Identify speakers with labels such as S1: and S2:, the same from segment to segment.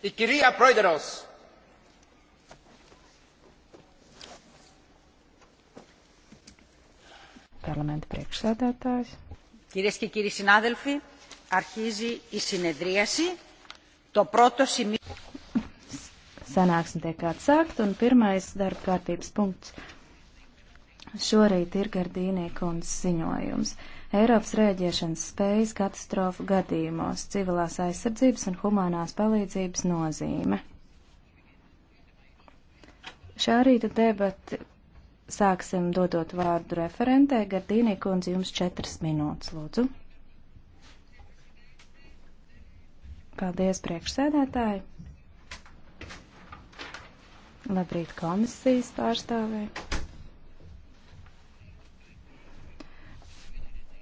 S1: Η κυρία Πρόεδρος. Parlamenta priekšsēdētājs. Κυρίες και κύριοι συνάδελφοι, αρχίζει η συνεδρίαση. Το πρώτο σημείο. Sanāksme tiek atsākt un pirmais darba kārtības punkts Šorīt ir Gardīnī kundzes ziņojums. Eiropas rēģiešanas spējas katastrofu gadījumos, civilās aizsardzības un humanās palīdzības nozīme. Šā rīta debati sāksim dodot vārdu referentē. Gardīnī kundze, jums četras minūtes, lūdzu. Paldies, priekšsēdētāji. Labrīt, komisijas pārstāvēji.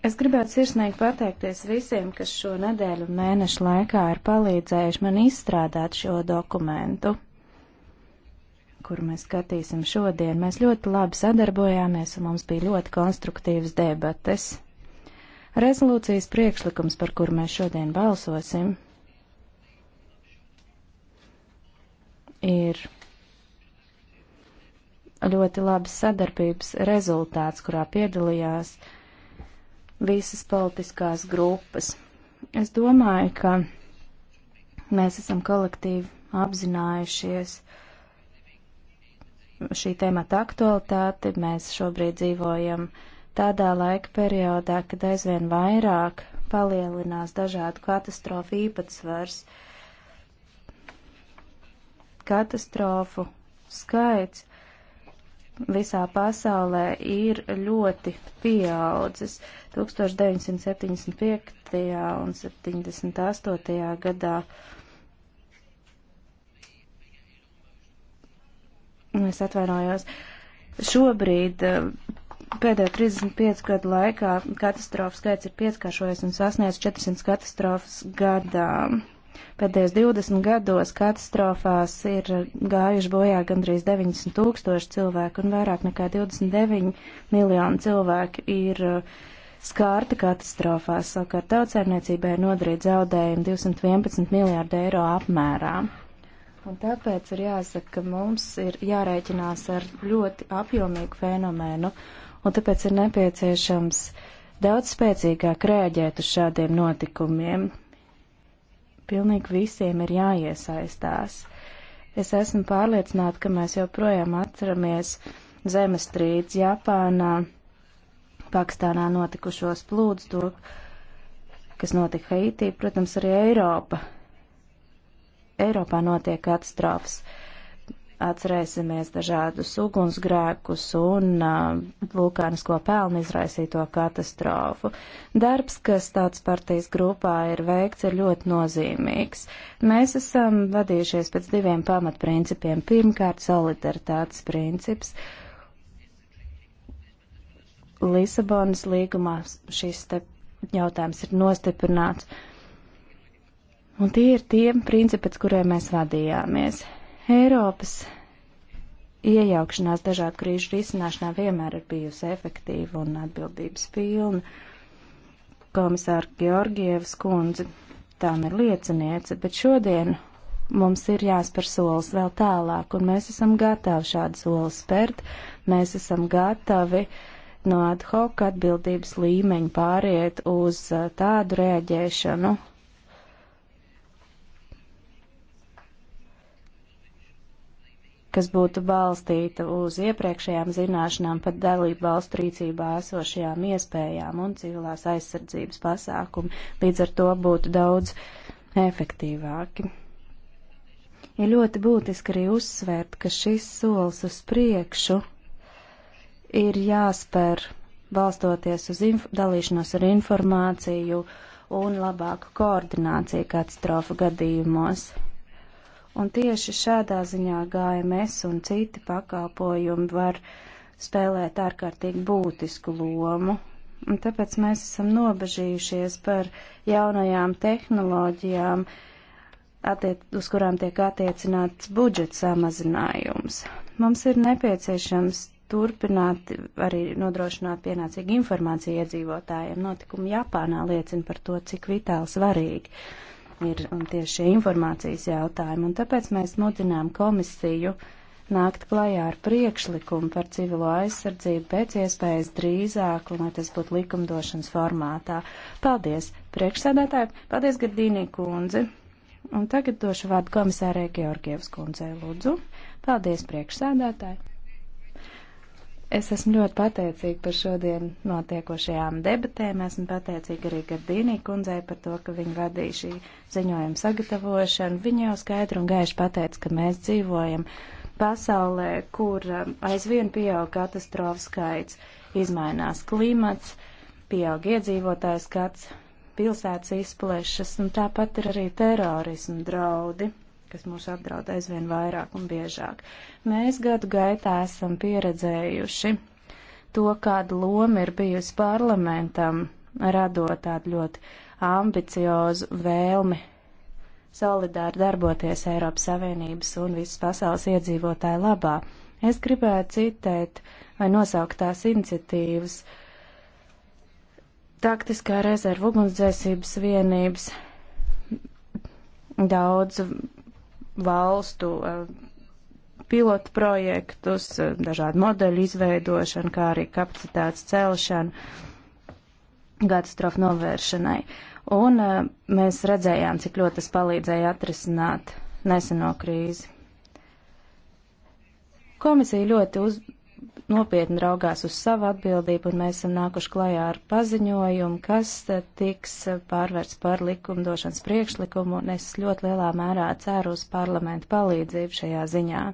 S1: Es gribētu sirsnīgi pateikties visiem, kas šo nedēļu un mēnešu laikā ir palīdzējuši man izstrādāt šo dokumentu, kuru mēs skatīsim šodien. Mēs ļoti labi sadarbojāmies un mums bija ļoti konstruktīvas debates. Rezolūcijas priekšlikums, par kuru mēs šodien balsosim, ir ļoti labas sadarbības rezultāts, kurā piedalījās uh, visas politiskās grupas. Es domāju, ka mēs esam kolektīvi apzinājušies šī temata aktualitāti. Mēs šobrīd dzīvojam tādā laika periodā, kad aizvien vairāk palielinās dažādu katastrofu īpatsvars. Katastrofu skaits visā pasaulē ir ļoti pieaudzis. 1975. un 78. gadā es atvainojos. Šobrīd eh, pēdējo 35 gadu laikā katastrofu skaits ir pieskāršojies un sasniedz 400 katastrofas gadā. Pēdējos 20 gados katastrofās ir gājuši bojā gandrīz 90 tūkstoši cilvēku un vairāk nekā 29 miljoni cilvēku ir eh, skārti katastrofās. Savukārt tautsēmniecībai nodarīt zaudējumi 211 miljārdu eiro apmērā. Un tāpēc ir jāsaka, ka mums ir jārēķinās ar ļoti apjomīgu fenomenu, un tāpēc ir nepieciešams daudz spēcīgāk rēģēt uz šādiem notikumiem pilnīgi visiem ir jāiesaistās. Es esmu pārliecināta, ka mēs joprojām atceramies zemestrīdes Japānā, Pakistānā notikušos plūdus, to, kas notika Haitī, protams, arī Eiropa. Eiropā notiek katastrofas. Uh, Atcerēsimies dažādus ugunsgrēkus un uh, vulkānisko pelnu izraisīto katastrofu. Darbs, kas tāds partijas grupā ir veikts, ir ļoti nozīmīgs. Mēs esam vadījušies pēc diviem pamatprincipiem. Pirmkārt, solidaritātes princips. Lisabonas līgumā šis te jautājums ir nostiprināts. Un tie ir tie principi, pēc kuriem mēs vadījāmies. Eiropas iejaukšanās dažādu krīžu risināšanā vienmēr ir bijusi efektīva un atbildības pilna. Komisāra Georgievas kundze tam ir lieciniece, bet šodien mums ir jāspēr solis vēl tālāk, un mēs esam gatavi šādu soli spērt, mēs esam gatavi no ad hoc atbildības līmeņa pāriet uz uh, tādu rēģēšanu, kas būtu balstīta uz iepriekšējām zināšanām par dalību valstu rīcībā esošajām iespējām un civilās aizsardzības pasākumu, līdz ar to būtu daudz efektīvāki. Ir ļoti būtiski arī uzsvērt, ka šis solis uz priekšu ir jāspēr balstoties uz dalīšanos ar informāciju un labāku koordināciju katastrofu gadījumos. Un tieši šādā ziņā GMS un citi pakalpojumi var spēlēt ārkārtīgi būtisku lomu. Un tāpēc mēs esam nobežījušies par jaunajām tehnoloģijām, attiec, uz kurām tiek attiecināts budžeta samazinājums. Mums ir nepieciešams turpināt arī nodrošināt pienācīgu informāciju iedzīvotājiem. Notikumi Japānā liecina par to, cik vitāli svarīgi ir tieši šie informācijas jautājumi, un tāpēc mēs mudinām komisiju nākt klajā ar priekšlikumu par civilo aizsardzību pēc iespējas drīzāk, un lai tas būtu likumdošanas formātā. Paldies priekšsēdētāji, paldies Gardīnī kundzi, un tagad došu vārdu komisārai Georgievas kundzei, lūdzu. Paldies priekšsēdētāji. Es esmu ļoti pateicīga par šodien notiekošajām debatēm. Esmu pateicīga arī Gardīnī kundzei par to, ka viņa vadīja šī ziņojuma sagatavošanu. Viņa jau skaidri un gaiši pateica, ka mēs dzīvojam pasaulē, kur um, aizvien pieaug katastrofu skaits, izmainās klimats, pieaug iedzīvotāju skats, pilsētas izplešas, un tāpat ir arī terorismu draudi kas mūs apdraud aizvien vairāk un biežāk. Mēs gadu gaitā esam pieredzējuši to, kāda loma ir bijusi parlamentam, radot tādu ļoti ambiciozu vēlmi solidāri darboties Eiropas Savienības un visas pasaules iedzīvotāju labā. Es gribētu citēt vai nosaukt tās iniciatīvas taktiskā rezerva ugunsdzēsības vienības, daudz valstu eh, pilotu projektus, eh, dažādu modeļu izveidošanu, kā arī kapacitātes celšanu katastrofu novēršanai. Un eh, mēs redzējām, cik ļoti tas palīdzēja atrisināt neseno krīzi. Komisija ļoti uz, nopietni raugās uz savu atbildību, un mēs esam nākuši klajā ar paziņojumu, kas eh, tiks eh, pārvērts par likumdošanas priekšlikumu, un es ļoti lielā mērā ceru uz parlamentu palīdzību šajā ziņā.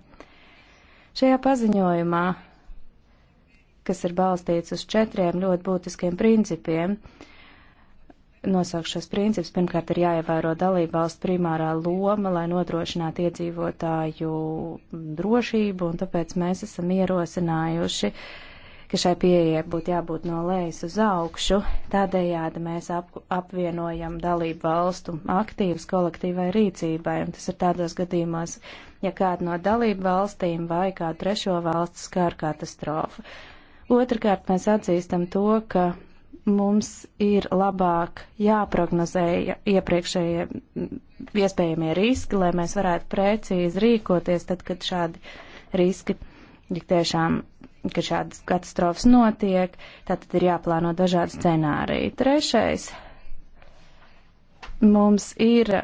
S1: Šajā paziņojumā, kas ir balstīts uz četriem ļoti būtiskiem principiem, uh, nosaukt šos principus. Pirmkārt, ir jāievēro dalību valstu primārā loma, lai nodrošinātu iedzīvotāju drošību, un tāpēc mēs esam ierosinājuši uh, ka šai pieejai būtu jābūt no lejas uz augšu. Tādējādi mēs ap, apvienojam dalību valstu aktīvas kolektīvai rīcībai, un tas ir tādos gadījumos, ja kāda no dalību valstīm vai kādu trešo valstu skār katastrofa. Otrakārt, mēs atzīstam to, ka mums ir labāk jāprognozē iepriekšējie iespējamie riski, lai mēs varētu precīzi rīkoties tad, kad šādi riski, ja tiešām, kad šādas katastrofas notiek, tad ir jāplāno dažādi scenāriji. Trešais, mums ir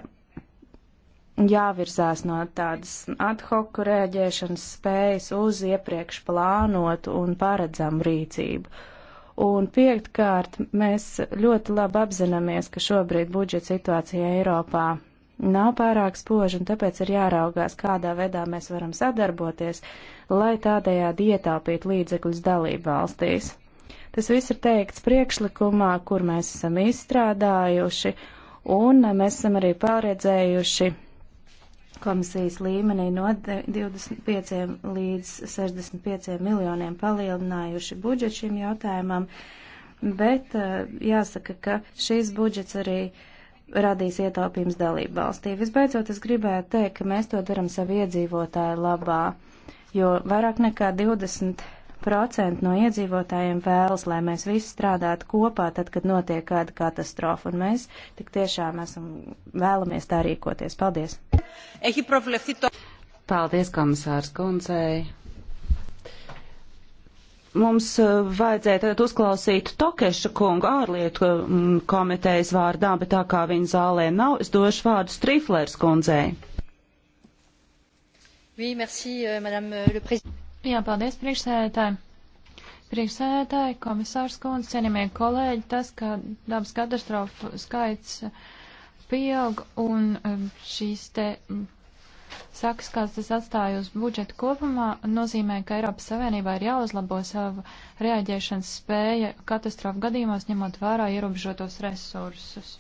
S1: jāvirzās no tādas ad hoc rēģēšanas spējas uz iepriekš plānotu un paredzamu rīcību Un piektkārt, mēs ļoti labi apzināmies, ka šobrīd budžeta situācija Eiropā nav pārāk spoža, un tāpēc ir jāraugās, kādā veidā mēs varam sadarboties, lai tādējādi ietaupītu līdzekļus dalību valstīs. Tas viss ir teikts priekšlikumā, kur mēs esam izstrādājuši, un mēs esam arī pārredzējuši komisijas līmenī no 25 līdz 65 miljoniem palielinājuši budžetu šim jautājumam, bet eh, jāsaka, ka šīs budžets arī radīs ietaupījums dalību valstī. Visbeidzot, es gribētu teikt, ka mēs to daram savu iedzīvotāju labā, jo vairāk nekā 20 2% no iedzīvotājiem vēlas, lai mēs visi strādātu kopā, tad, kad notiek kāda katastrofa, un mēs tik tiešām esam vēlamies tā rīkoties. Paldies! Paldies, komisārs Kundzei!
S2: mums uh, vajadzēja tagad uzklausīt Tokeša kungu ārlietu mm, komitejas vārdā, bet tā kā viņa zālē nav, es došu vārdu Striflers kundzei.
S3: Oui, merci, euh, madame euh, le président. Jā, paldies priekšsēdētāji. Priekšsēdētāji, komisārs kundze, cienījamie kolēģi, tas, ka dabas katastrofu skaits pieaug un um, šīs te mm, sakas, kāds tas atstāja uz budžetu kopumā, nozīmē, ka Eiropas Savienībā ir jāuzlabo savu reaģēšanas spēja katastrofu gadījumos, ņemot vērā ierobežotos resursus.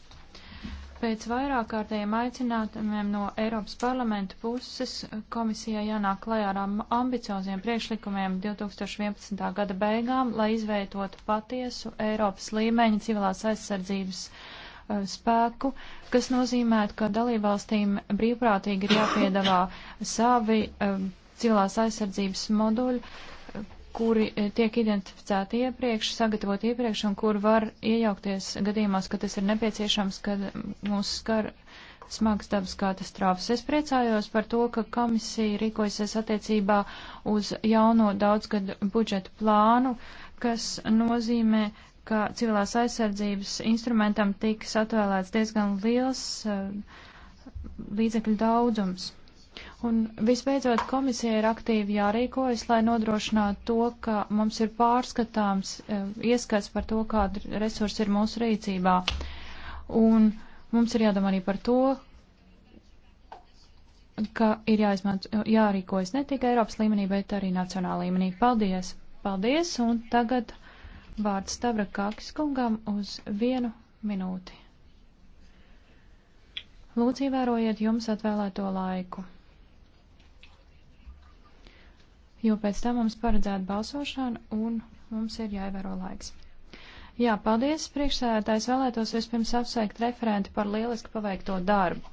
S3: Pēc vairākārtējiem aicinājumiem no Eiropas parlamenta puses komisijai jānāk klajā ar ambicioziem priekšlikumiem 2011. gada beigām, lai izveidotu patiesu Eiropas līmeņa civilās aizsardzības uh, spēku, kas nozīmētu, ka dalībvalstīm brīvprātīgi ir jāpiedāvā savi uh, civilās aizsardzības moduļi, kuri e, tiek identificēti iepriekš, sagatavot iepriekš un kur var iejaukties gadījumos, kad tas ir nepieciešams, kad mūs skar smags dabas katastrofas. Es priecājos par to, ka komisija rīkojasies attiecībā uz jauno daudzgadu budžetu plānu, kas nozīmē, ka civilās aizsardzības instrumentam tiks atvēlēts diezgan liels e, līdzekļu daudzums. Un visbeidzot, komisija ir aktīvi jārīkojas, lai nodrošinātu to, ka mums ir pārskatāms eh, ieskats par to, kāda resursa ir mūsu rīcībā. Un mums ir jādomā arī par to, ka ir jāizmanto, jārīkojas ne tikai Eiropas līmenī, bet arī nacionāla līmenī. Paldies! Paldies! Un tagad vārds Stavra Kākis kungam uz vienu minūti. Lūdzu, ievērojiet jums atvēlēto laiku jo pēc tam mums paredzēta balsošana un mums ir jāievēro laiks. Jā, paldies, priekšsēdētājs vēlētos vispirms apsveikt referenti par lieliski paveikto darbu.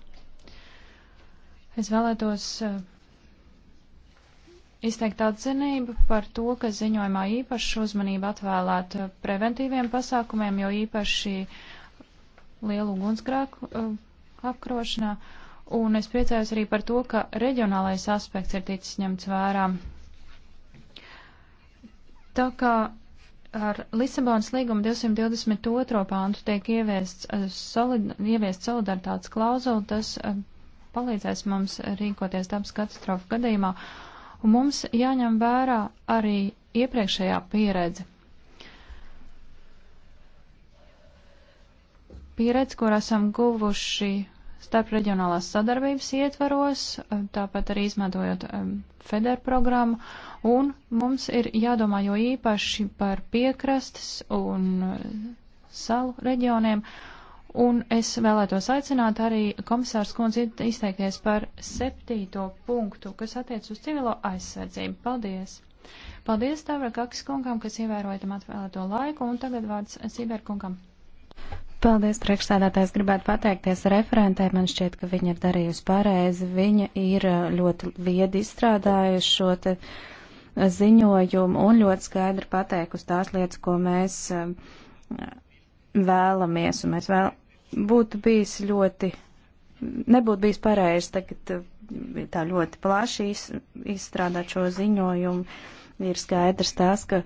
S3: Es vēlētos uh, izteikt atzinību par to, ka ziņojumā īpaši uzmanību atvēlēt eh, preventīviem pasākumiem, jo īpaši lielu ugunsgrāku uh, eh, apkrošanā. Un es priecājos arī par to, ka reģionālais aspekts ir ticis ņemts vērā Tā kā ar Lisabonas līguma 222. pāntu tiek ieviests, eh, solid, ieviests solidaritātes klauzula, tas eh, palīdzēs mums rīkoties dabas katastrofu gadījumā, un mums jāņem vērā arī iepriekšējā pieredze. Pieredze, kur esam guvuši starp reģionālās sadarbības ietvaros, eh, tāpat arī izmantojot eh, feder programmu, un mums ir jādomā jo īpaši par piekrastes un eh, salu reģioniem, un es vēlētos aicināt arī komisārs kundzi izteikties par septīto punktu, kas attiec uz civilo aizsardzību. Paldies! Paldies Tavra Kakis kungam, kas ievēroja tam atvēlēto laiku, un tagad vārds Sīberkungam.
S1: Paldies, priekšsēdētājs. Gribētu pateikties referentē. Man šķiet, ka viņa ir darījusi pareizi. Viņa ir uh, ļoti viedi izstrādājusi šo te uh, ziņojumu un ļoti skaidri pateikusi tās lietas, ko mēs uh, vēlamies. Un mēs vēl būtu bijis ļoti, nebūtu bijis pareizi tagad tā ļoti plaši izstrādāt šo ziņojumu. Ir skaidrs tas, ka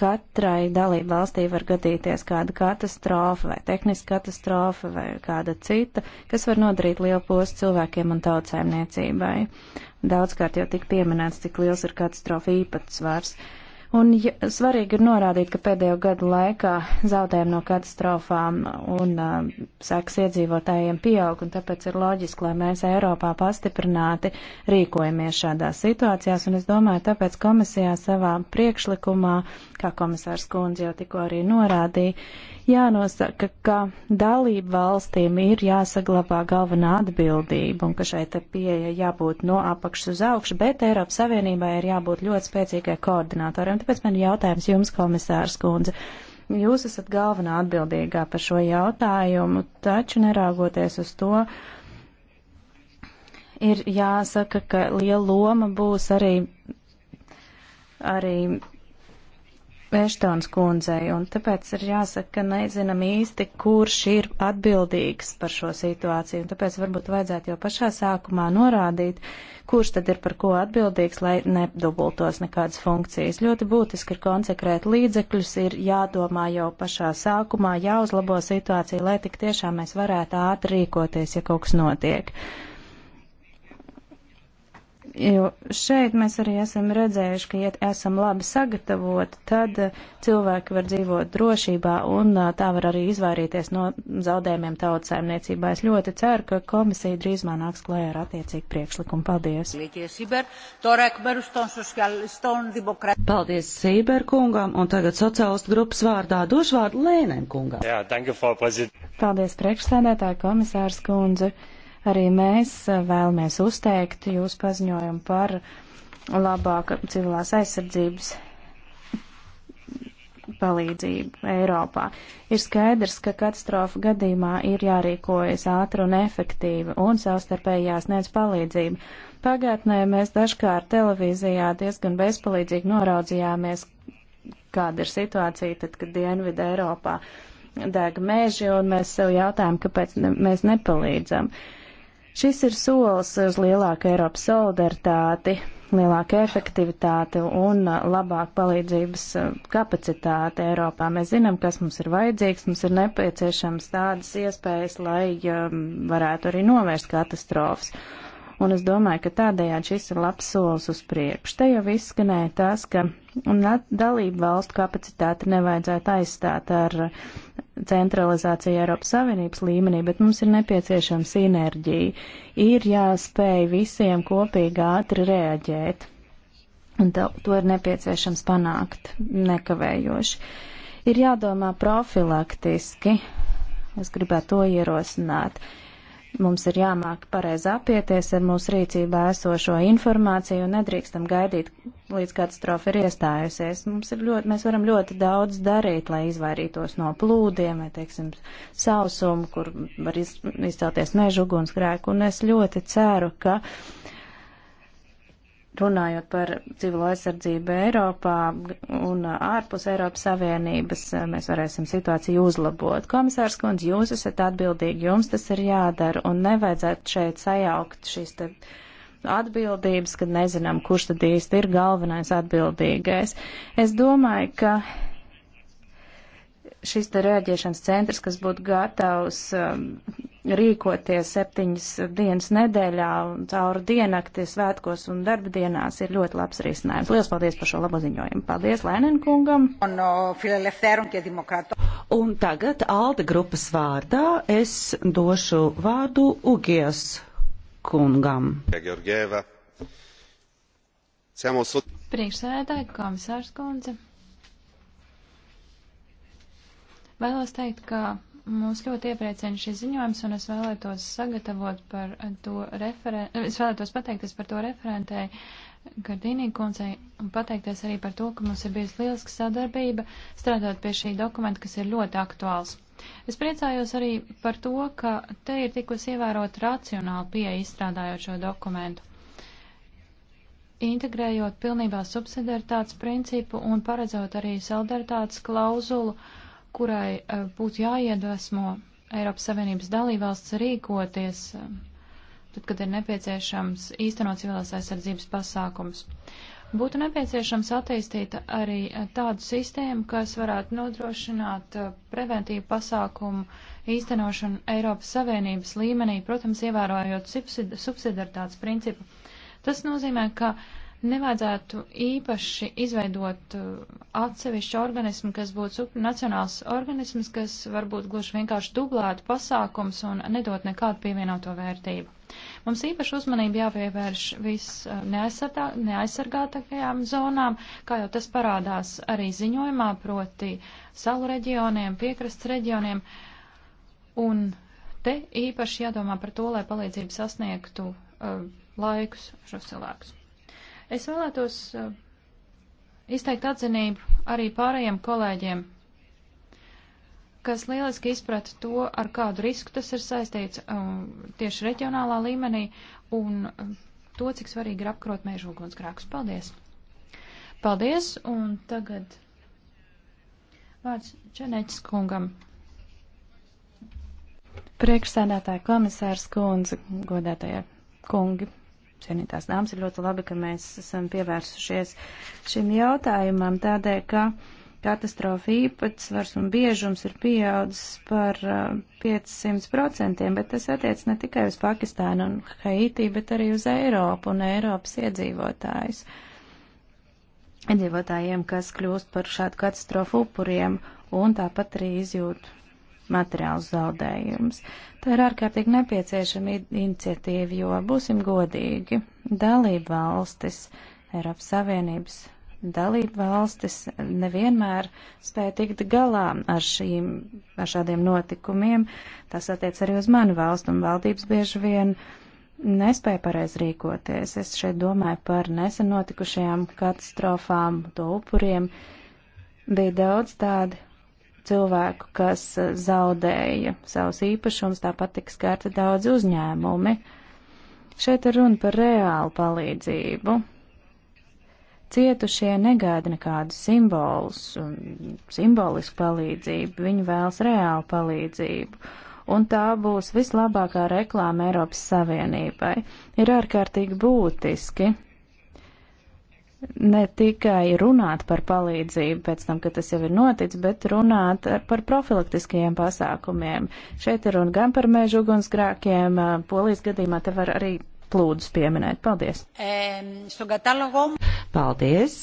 S1: katrai dalību valstī var gadīties kāda katastrofa vai tehniska katastrofa vai kāda cita, kas var nodarīt lielu postu cilvēkiem un tautsēmniecībai. Daudzkārt jau tik pieminēts, cik liels ir katastrofa īpatsvars. Uh, Un ja, svarīgi ir norādīt, ka pēdējo gadu laikā zaudējumi no katastrofām un uh, sēks iedzīvotājiem pieaug, un tāpēc ir loģiski, lai mēs Eiropā pastiprināti rīkojamies šādās situācijās. Un es domāju, tāpēc komisijā savā priekšlikumā, kā komisārs Kundze jau tikko arī norādīja, jānosaka, ka dalību valstīm ir jāsaglabā galvenā atbildība un ka šeit pieeja jābūt no apakšas uz augšu, bet Eiropas Savienībai ir jābūt ļoti spēcīgai koordinātoram. Tāpēc man ir jautājums jums, komisārs Kundze. Jūs esat galvenā atbildīgā par šo jautājumu, taču neraugoties uz to, ir jāsaka, ka liela loma būs arī, arī Eštons kundzei, un tāpēc ir jāsaka, ka nezinām īsti, kurš ir atbildīgs par šo situāciju, un tāpēc varbūt vajadzētu jau pašā sākumā norādīt, kurš tad ir par ko atbildīgs, lai nedubultos nekādas funkcijas. Ļoti būtiski ir konsekrēt līdzekļus, ir jādomā jau pašā sākumā, jāuzlabo situācija, lai tik tiešām mēs varētu ātri rīkoties, ja kaut kas notiek. Uh, Jo šeit mēs arī esam redzējuši, ka, ja esam labi sagatavoti, tad eh, cilvēki var dzīvot drošībā un eh, tā var arī izvairīties no zaudējumiem tautas saimniecībā. Es ļoti ceru, ka komisija drīzumā nāks klajā ar attiecīgu priekšlikumu. Paldies! Paldies
S2: Sīber kungam un tagad sociālistu grupas vārdā došu vārdu Lēnēm kungam.
S1: Jā, danke, Frau Prezident. Paldies priekšsēdētāji komisārs kundze. Arī mēs eh, vēlamies uzteikt jūs paziņojumu par labāku civilās aizsardzības palīdzību Eiropā. Ir skaidrs, ka katastrofa gadījumā ir jārīkojas ātri un efektīvi un savstarpēji jāsniedz palīdzību. Pagātnē mēs dažkārt televīzijā diezgan bezpalīdzīgi noraudzījāmies, kāda ir situācija tad, kad Dienvidu Eiropā deg meži un mēs sev jautājam, kāpēc ne, mēs nepalīdzam. Uh, Šis ir solis uz lielāku Eiropas solidaritāti, lielāku efektivitāti un labāku palīdzības eh, kapacitāti Eiropā. Mēs zinām, kas mums ir vajadzīgs, mums ir nepieciešams tādas iespējas, lai eh, varētu arī novērst katastrofas un es domāju, ka tādējādi šis ir labs solis uz priekšu. Te jau izskanēja tas, ka dalību valstu kapacitāti nevajadzētu aizstāt ar centralizāciju Eiropas Savienības līmenī, bet mums ir nepieciešama sinerģija. Ir jāspēj visiem kopīgi ātri reaģēt, un to, to ir nepieciešams panākt nekavējoši. Ir jādomā profilaktiski, es gribētu to ierosināt. Uh, Mums ir jāmāk pareizi apieties ar mūsu rīcībā esošo informāciju un nedrīkstam gaidīt, līdz katastrofa ir iestājusies. Mums ir ļoti, mēs varam ļoti daudz darīt, lai izvairītos no plūdiem vai, teiksim, sausuma, kur var iz, izcelties mežugunsgrēku. Un es ļoti ceru, ka uh, runājot par civilo aizsardzību Eiropā un ārpus Eiropas Savienības, mēs varēsim situāciju uzlabot. Komisārs Kundze, jūs esat atbildīgi, jums tas ir jādara un nevajadzētu šeit sajaukt šīs te atbildības, kad nezinām, kurš tad īsti ir galvenais atbildīgais. Es domāju, ka šis te rēģēšanas centrs, kas būtu gatavs um, rīkoties septiņas dienas nedēļā un cauri dienakti svētkos un darba dienās, ir ļoti labs risinājums. Lielas paldies par šo labo ziņojumu. Paldies Lēnen kungam. Un, un tagad Alde grupas
S2: vārdā es došu vārdu Ugies kungam.
S3: Priekšsēdētāji, komisārs kundze. Vēlos teikt, ka mūs ļoti iepriecina šis ziņojums, un es vēlētos sagatavot par to referentu, es vēlētos pateikties par to referentei Gardīnī kundzei un pateikties arī par to, ka mums ir bijusi lieliska sadarbība strādāt pie šī dokumenta, kas ir ļoti aktuāls. Es priecājos arī par to, ka te ir tikusi ievērot racionāli pieeja izstrādājot šo dokumentu integrējot pilnībā subsidiaritātes principu un paredzot arī solidaritātes klauzulu uh, kurai eh, būtu jāiedvesmo Eiropas Savienības dalībvalsts rīkoties, eh, tad, kad ir nepieciešams īstenot civilās aizsardzības pasākums. Būtu nepieciešams attīstīt arī eh, tādu sistēmu, kas varētu nodrošināt preventīvu pasākumu īstenošanu Eiropas Savienības līmenī, protams, ievērojot subsidiaritātes principu. Tas nozīmē, ka uh, nevajadzētu īpaši izveidot uh, atsevišķu organismu, kas būtu supranacionāls organisms, kas varbūt gluži vienkārši dublētu pasākums un nedot nekādu pievienoto vērtību. Mums īpaši uzmanību jāpievērš viss neaizsargātākajām zonām, kā jau tas parādās arī ziņojumā, proti salu reģioniem, piekrasts reģioniem. Un te īpaši jādomā par to, lai palīdzību sasniegtu uh, laikus šos cilvēkus. Es vēlētos uh, izteikt atzinību arī pārējiem kolēģiem, kas lieliski izprata to, ar kādu risku tas ir saistīts um, tieši reģionālā līmenī un um, to, cik svarīgi ir apkrot mēžu ugunsgrākus. Paldies! Paldies! Un tagad vārds Čeneķis kungam.
S1: Priekšsēdētāja komisārs kundze, godētāja kungi, cienītās dāmas, ir ļoti labi, ka mēs esam pievērsušies šim jautājumam tādēļ, ka katastrofa īpatsvars un biežums ir pieaudzis par 500%, uh, bet tas attiec ne tikai uz Pakistānu un Haiti, bet arī uz Eiropu un Eiropas iedzīvotājus. Iedzīvotājiem, kas kļūst par šādu katastrofu upuriem un tāpat arī izjūt materiāls zaudējums. Tā ir ārkārtīgi nepieciešama iniciatīva, jo, būsim godīgi, dalība valstis, Eiropas Savienības dalība valstis nevienmēr spēja tikt galā ar, šīm, ar šādiem notikumiem. Tas attiec arī uz manu valstu un valdības bieži vien nespēja pareiz rīkoties. Es šeit domāju par nesen notikušajām katastrofām, to upuriem. Bija daudz tādu cilvēku, kas eh, zaudēja savus īpašumus, tāpat tiks skarti daudz uzņēmumi. Šeit ir runa par reālu palīdzību. Cietušie negaida nekādus simbolus, simbolisku palīdzību, viņi vēlas reālu palīdzību un tā būs vislabākā reklāma Eiropas Savienībai. Ir ārkārtīgi būtiski, ne tikai runāt par palīdzību pēc tam, kad tas jau ir noticis, bet runāt par profilaktiskajiem pasākumiem. Šeit ir runa gan par mēžu ugunsgrākiem, polijas gadījumā te var arī plūdus pieminēt. Paldies! Paldies!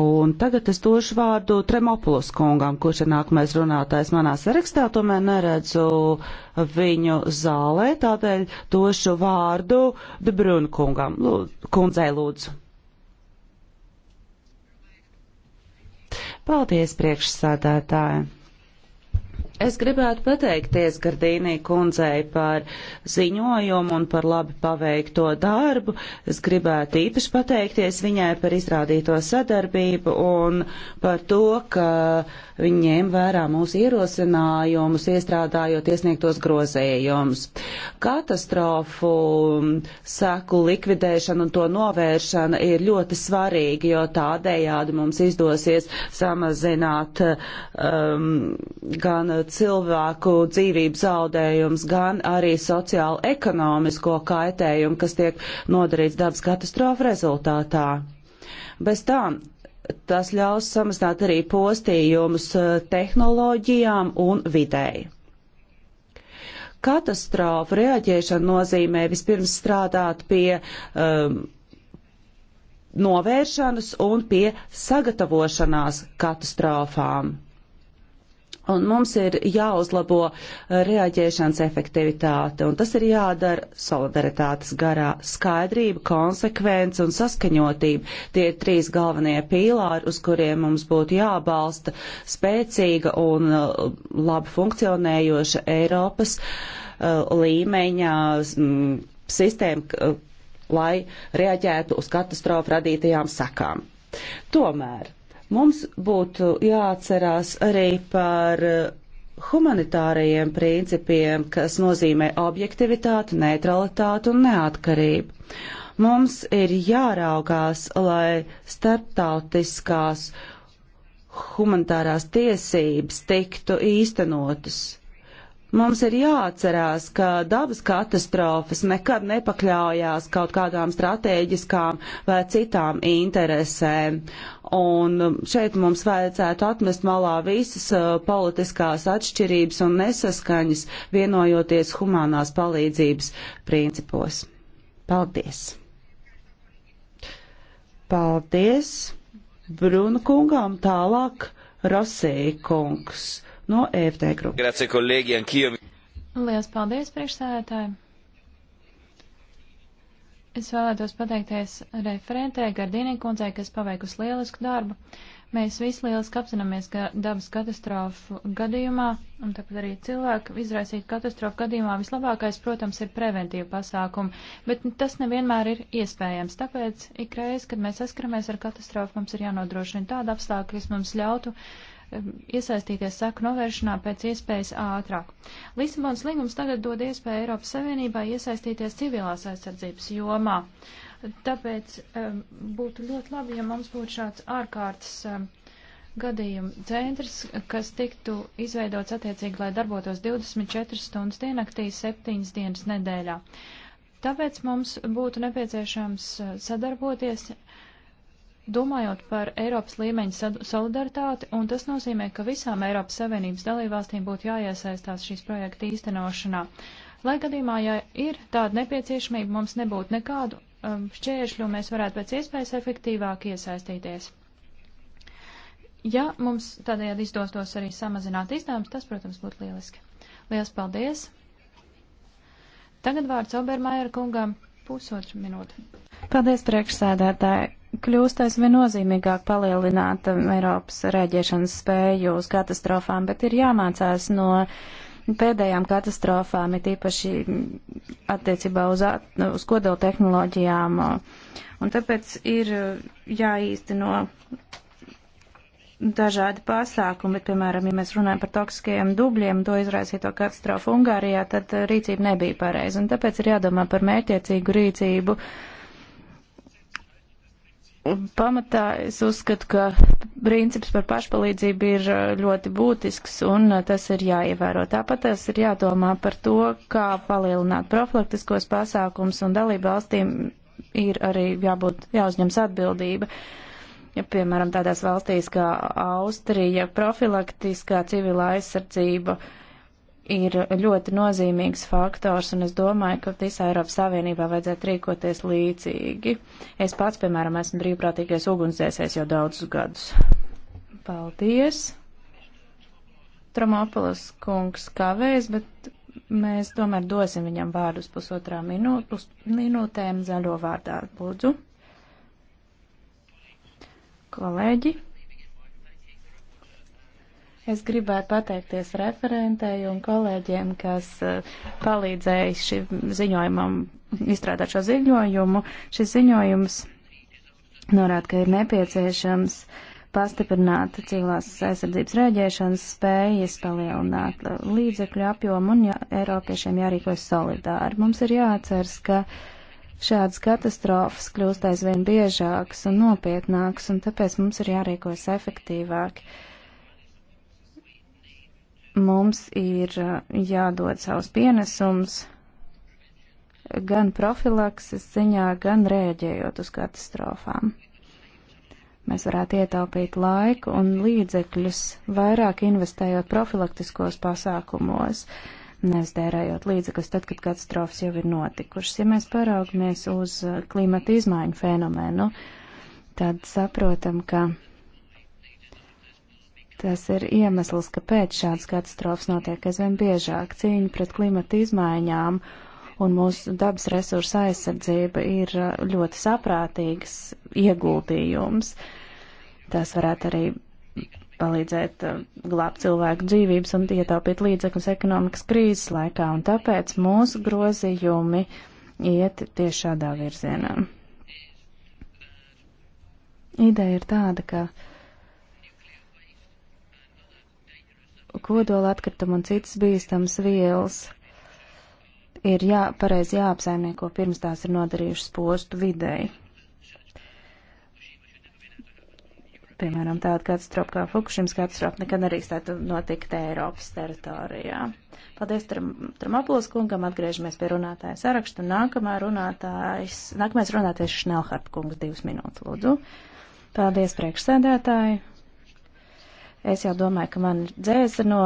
S1: Un tagad
S2: es došu vārdu Tremopulos kungam, kurš ir nākamais runātājs manā sarakstā, tomēr neredzu viņu zālē, tādēļ došu vārdu Debrun kungam. Lūd, kundzei lūdzu. Paldies, priekšsādātāji! Es gribētu pateikties Gardīnī kundzei par ziņojumu un par labi paveikto darbu. Es gribētu īpaši pateikties viņai par izrādīto sadarbību un par to, ka uh, Viņi ņēma vērā mūsu ierosinājumus, iestrādājot iesniegtos grozējumus. Katastrofu seku likvidēšana un to novēršana ir ļoti svarīga, jo tādējādi mums izdosies samazināt um, gan cilvēku dzīvību zaudējums, gan arī sociālu ekonomisko kaitējumu, kas tiek nodarīts dabas katastrofu rezultātā. Bez tām Tas ļaus samazināt arī postījumus eh, tehnoloģijām un videi. Katastrofa reaģēšana nozīmē vispirms strādāt pie um, novēršanas un pie sagatavošanās katastrofām. Un mums ir jāuzlabo reaģēšanas efektivitāte, un tas ir jādara solidaritātes garā. Skaidrība, konsekvence un saskaņotība - tie ir trīs galvenie pīlāri, uz kuriem mums būtu jābalsta spēcīga un uh, labi funkcionējoša Eiropas uh, līmeņa mm, sistēma, uh, lai reaģētu uz katastrofu radītajām sakām. Tomēr Mums būtu jāatcerās arī par eh, humanitārajiem principiem, kas nozīmē objektivitāti, neutralitāti un neatkarību. Mums ir jāraugās, lai starptautiskās humanitārās tiesības tiktu īstenotas Mums ir jāatcerās, ka dabas katastrofas nekad nepakļaujās kaut kādām strateģiskām vai citām interesēm. Un šeit mums vajadzētu atmest malā visas uh, politiskās atšķirības un nesaskaņas, vienojoties humanās palīdzības principos. Paldies! Paldies Bruna kungām, tālāk Rosī kungs no EFT
S1: grupas.
S3: Lielas paldies, priekšsēdētāji! Es vēlētos pateikties referentē Gardīnī kundzei, kas paveikusi lielisku darbu. Mēs visi lieliski apzināmies, ka dabas katastrofu gadījumā, un tāpat arī cilvēku izraisīt katastrofu gadījumā, vislabākais, protams, ir preventīva pasākuma, bet tas nevienmēr ir iespējams. Tāpēc ikreiz, kad mēs saskaramies ar katastrofu, mums ir jānodrošina tāda apstākļa, kas mums ļautu Um, iesaistīties saku novēršanā pēc iespējas ātrāk. Lisabonas līgums tagad dod iespēju Eiropas Savienībā iesaistīties civilās aizsardzības jomā. Tāpēc um, būtu ļoti labi, ja mums būtu šāds ārkārtas um, gadījumu centrs, kas tiktu izveidots attiecīgi, lai darbotos 24 stundas diennaktī, 7 dienas nedēļā. Tāpēc mums būtu nepieciešams uh, sadarboties domājot par Eiropas līmeņa solidaritāti, un tas nozīmē, ka visām Eiropas Savienības dalībvalstīm būtu jāiesaistās šīs projekta īstenošanā. Lai gadījumā, ja ir tāda nepieciešamība, mums nebūtu nekādu um, šķēršļu, mēs varētu pēc iespējas efektīvāk iesaistīties. Ja mums tādējādi izdostos arī samazināt izdevumus, tas, protams, būtu lieliski. Lielas paldies! Tagad vārds Obermajer kungam Pusotru minūti.
S1: Paldies, priekšsēdētāji. Kļūst aizvien nozīmīgāk palielināt um, Eiropas rēģēšanas spēju uz katastrofām, bet ir jāmācās no pēdējām katastrofām, ir īpaši mm, attiecībā uz, uz kodoltehnoloģijām. Un tāpēc ir uh, jāīsteno dažādi pasākumi, bet, piemēram, ja mēs runājam par toksiskajiem dubļiem, to izraisīto katastrofu Ungārijā, tad eh, rīcība nebija pareiza. Un tāpēc ir jādomā par mērķiecīgu rīcību. Pamatā es uzskatu, ka princips par pašpalīdzību ir eh, ļoti būtisks un eh, tas ir jāievēro. Tāpat tas ir jādomā par to, kā palielināt profilaktiskos pasākums un dalību valstīm ir arī jābūt, jāuzņems atbildība. Uh, Ja, piemēram, tādās valstīs kā Austrija, profilaktiskā civilā aizsardzība ir ļoti nozīmīgs faktors, un es domāju, ka visā Eiropas Savienībā vajadzētu rīkoties līdzīgi. Es pats, piemēram, esmu brīvprātīgais ugunsdzēsējs jau daudzus gadus. Paldies! Tromopolis kungs kavējas, bet mēs tomēr dosim viņam vārdu uz pusotrā minūtēm zaļo vārdā. Lūdzu! kolēģi! Es gribētu pateikties referentei un kolēģiem, kas eh, palīdzēja šim ziņojumam izstrādāt šo ziņojumu. Šis ziņojums norāda, ka ir nepieciešams pastiprināt cilvēks aizsardzības rēģēšanas spējas, palielināt eh, līdzekļu apjomu un jā, Eiropiešiem jārīkojas solidāri. Mums ir jāatceras, ka uh, Šādas katastrofas kļūst aizvien biežākas un nopietnākas, un tāpēc mums ir jārīkojas efektīvāk. Mums ir uh, jādod savus pienesums gan profilakses ziņā, gan rēģējot uz katastrofām. Mēs varētu ietaupīt laiku un līdzekļus vairāk investējot profilaktiskos pasākumos. Uh, nevis tērējot līdzekļus tad, kad katastrofas jau ir notikušas. Ja mēs paraugamies uz uh, klimata izmaiņu fenomenu, tad saprotam, ka Tas ir iemesls, kāpēc šādas katastrofas notiek aizvien biežāk. Cīņa pret klimata izmaiņām un mūsu dabas resursa aizsardzība ir uh, ļoti saprātīgs ieguldījums. Tas varētu arī palīdzēt eh, glābt cilvēku dzīvības un ietaupīt līdzekļus ekonomikas krīzes laikā, un tāpēc mūsu grozījumi iet tieši šādā virzienā. Ideja ir tāda, ka kodola atkrituma un citas bīstams vielas ir jā, pareizi jāapsaimnieko pirms tās ir nodarījušas postu videi. Piemēram, tāda katastrofa kā Fukushimas katastrofa nekad nerīkstētu notikt Eiropas teritorijā. Paldies Tramapulas kungam, atgriežamies pie runātāja saraksta. Nākamā runātājs, nākamais runātājs Šnelhart kungs, divas minūtes, lūdzu. Paldies priekšsēdētāji. Es jau domāju, ka man dzēsa no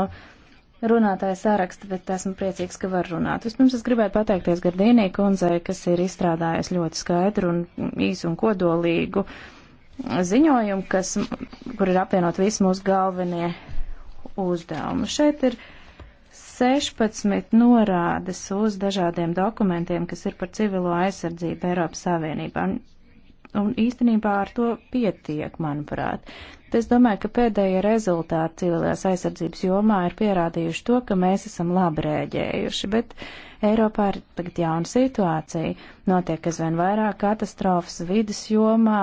S1: runātāja sāraksta, bet esmu priecīgs, ka var runāt. Vispirms es gribēju pateikties Gardīnī kundzei, kas ir izstrādājusi ļoti skaidru un īsu un kodolīgu uh, ziņojumu, kas, kur ir apvienot visi mūsu galvenie uzdevumi. Šeit ir 16 norādes uz dažādiem dokumentiem, kas ir par civilo aizsardzību Eiropas Savienībā. Un, un īstenībā ar to pietiek, manuprāt. Es domāju, ka pēdējie rezultāti civilās aizsardzības jomā ir pierādījuši to, ka mēs esam labi rēģējuši, bet Eiropā ir tagad jauna situācija. Notiek aizvien vairāk katastrofas vidas jomā,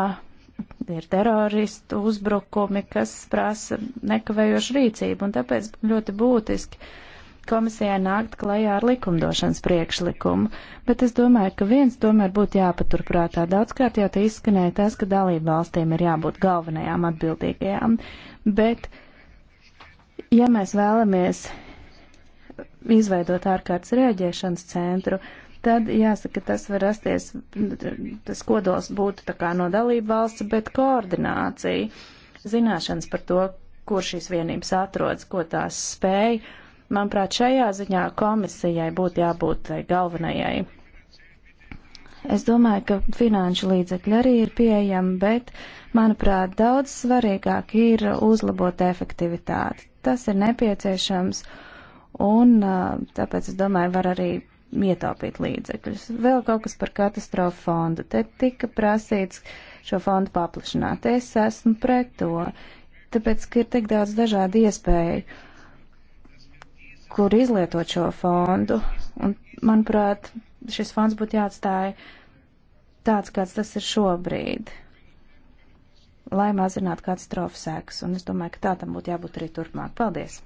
S1: ir teroristu uzbrukumi, kas prasa nekavējošu rīcību, un tāpēc ļoti būtiski komisijai nākt klajā ar likumdošanas priekšlikumu. Bet es domāju, ka viens tomēr būtu jāpaturprātā. Daudzkārt jau te izskanēja tas, ka dalību valstīm ir jābūt galvenajām atbildīgajām, bet ja mēs vēlamies izveidot ārkārtas rēģēšanas centru, uh, tad jāsaka, tas var rasties, tas kodols būtu tā kā no dalību valsts, bet koordinācija, zināšanas par to, kur šīs vienības atrodas, ko tās spēj. Manuprāt, šajā ziņā komisijai būtu jābūt tai galvenajai. Es domāju, ka finanšu līdzekļi arī ir pieejami, bet, manuprāt, daudz svarīgāk ir uzlabot efektivitāti. Tas ir nepieciešams, un tāpēc es domāju, var arī ietaupīt līdzekļus. Vēl kaut kas par katastrofu fondu. Te tika prasīts šo fondu paplašināt. Es esmu pret to, tāpēc, ka ir tik daudz dažādu iespēju, kur izlietot šo fondu. Un, manuprāt, šis fonds būtu jāatstāja tāds, kāds tas ir šobrīd, lai mazinātu katastrofu sekas. Un es domāju, ka tā tam būtu jābūt arī turpmāk. Paldies!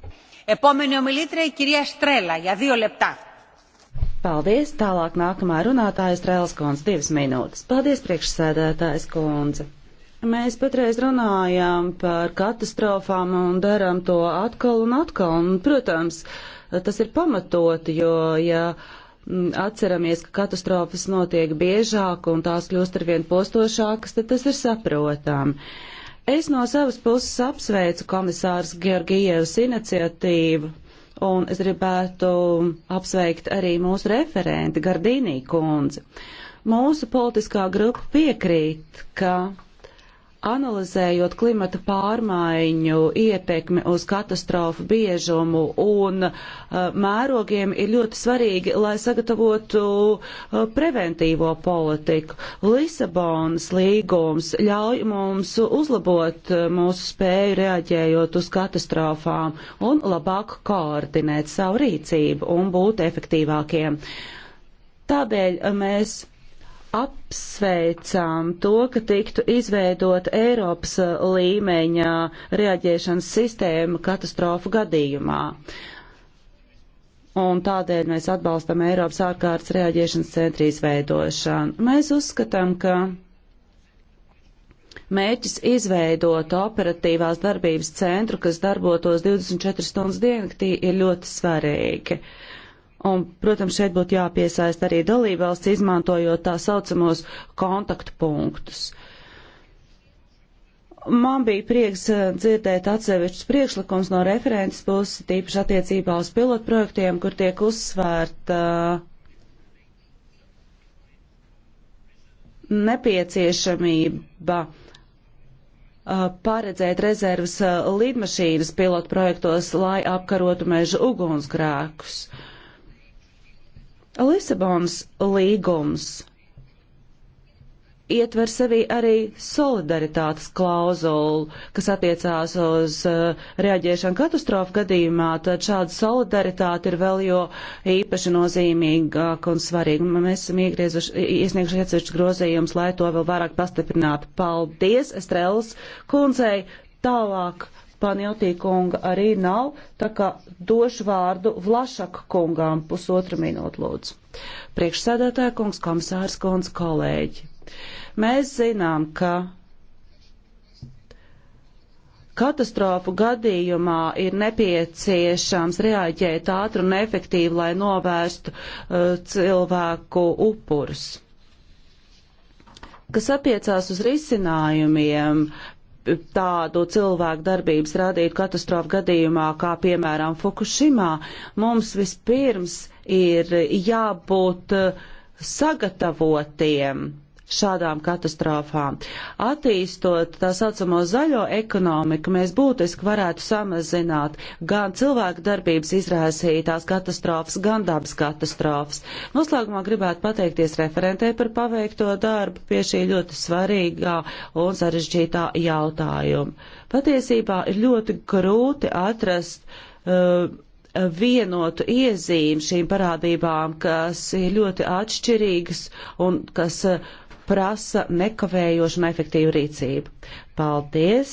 S2: Επόμενη ομιλήτρια η κυρία Στρέλα για δύο λεπτά. Paldies! Tālāk nākamā runātāja Strēles kundze divas minūtes. Paldies, priekšsēdētājs kundze! Mēs patreiz runājam par katastrofām un darām to atkal un atkal. Un, protams, tas ir pamatoti, jo, ja mm, atceramies, ka katastrofas notiek biežāk un tās kļūst arvien postošākas, tad tas ir saprotami. Es no savas puses apsveicu komisārs Georgijevas iniciatīvu un es gribētu apsveikt arī mūsu referenti Gardīnī kundzi. Mūsu politiskā grupa piekrīt, ka Analizējot klimata pārmaiņu ietekmi uz katastrofu biežumu un uh, mērogiem ir ļoti svarīgi, lai sagatavotu uh, preventīvo politiku. Lisabonas līgums ļauj mums uzlabot uh, mūsu spēju reaģējot uz katastrofām un labāk koordinēt savu rīcību un būt efektīvākiem. Tādēļ uh, mēs apsveicām to, ka tiktu izveidot Eiropas uh, līmeņa reaģēšanas sistēma katastrofu gadījumā. Un tādēļ mēs atbalstam Eiropas ārkārtas reaģēšanas centra izveidošanu. Mēs uzskatām, ka mērķis izveidot operatīvās darbības centru, kas darbotos 24 stundas diennaktī, ir ļoti svarīgi. Uh, Un, protams, šeit būtu jāpiesaist arī dalībvalsts, izmantojot tā saucamos kontaktpunktus. Man bija prieks eh, dzirdēt atsevišķus priekšlikums no referents puses, tīpaši attiecībā uz pilotprojektiem, kur tiek uzsvērta eh, nepieciešamība eh, paredzēt rezervas lidmašīnas pilotprojektos, lai apkarotu meža ugunsgrēkus. Uh, Lisabonas līgums ietver sevi arī solidaritātes klauzulu, kas attiecās uz uh, reaģēšanu katastrofu gadījumā, tad šāda solidaritāte ir vēl jo īpaši nozīmīgāka un svarīga. Mēs esam iesnieguši atsevišķus grozījumus, lai to vēl vairāk pastiprinātu. Paldies Estrēlas kundzei! Tālāk Panjotī kunga arī nav, tā kā došu vārdu Vlašak kungām pusotra minūte lūdzu. Priekšsēdētāja kungs, komisārs kungs, kolēģi. Mēs zinām, ka katastrofu gadījumā ir nepieciešams reaģēt ātri un efektīvi, lai novērstu uh, cilvēku upurus kas attiecās uz risinājumiem, tādu cilvēku darbības radītu katastrofu gadījumā, kā piemēram Fukushimā, mums vispirms ir jābūt eh, sagatavotiem šādām katastrofām. Attīstot tā saucamo zaļo ekonomiku, mēs būtiski varētu samazināt gan cilvēku darbības izraisītās katastrofas, gan dabas katastrofas. Noslēgumā gribētu pateikties referentē par paveikto darbu pie šī ļoti svarīgā un sarežģītā jautājuma. Patiesībā ir ļoti grūti atrast uh, vienotu iezīmi šīm parādībām, kas ir ļoti atšķirīgas un kas uh, prasa nekavējošu un efektīvu rīcību. Paldies!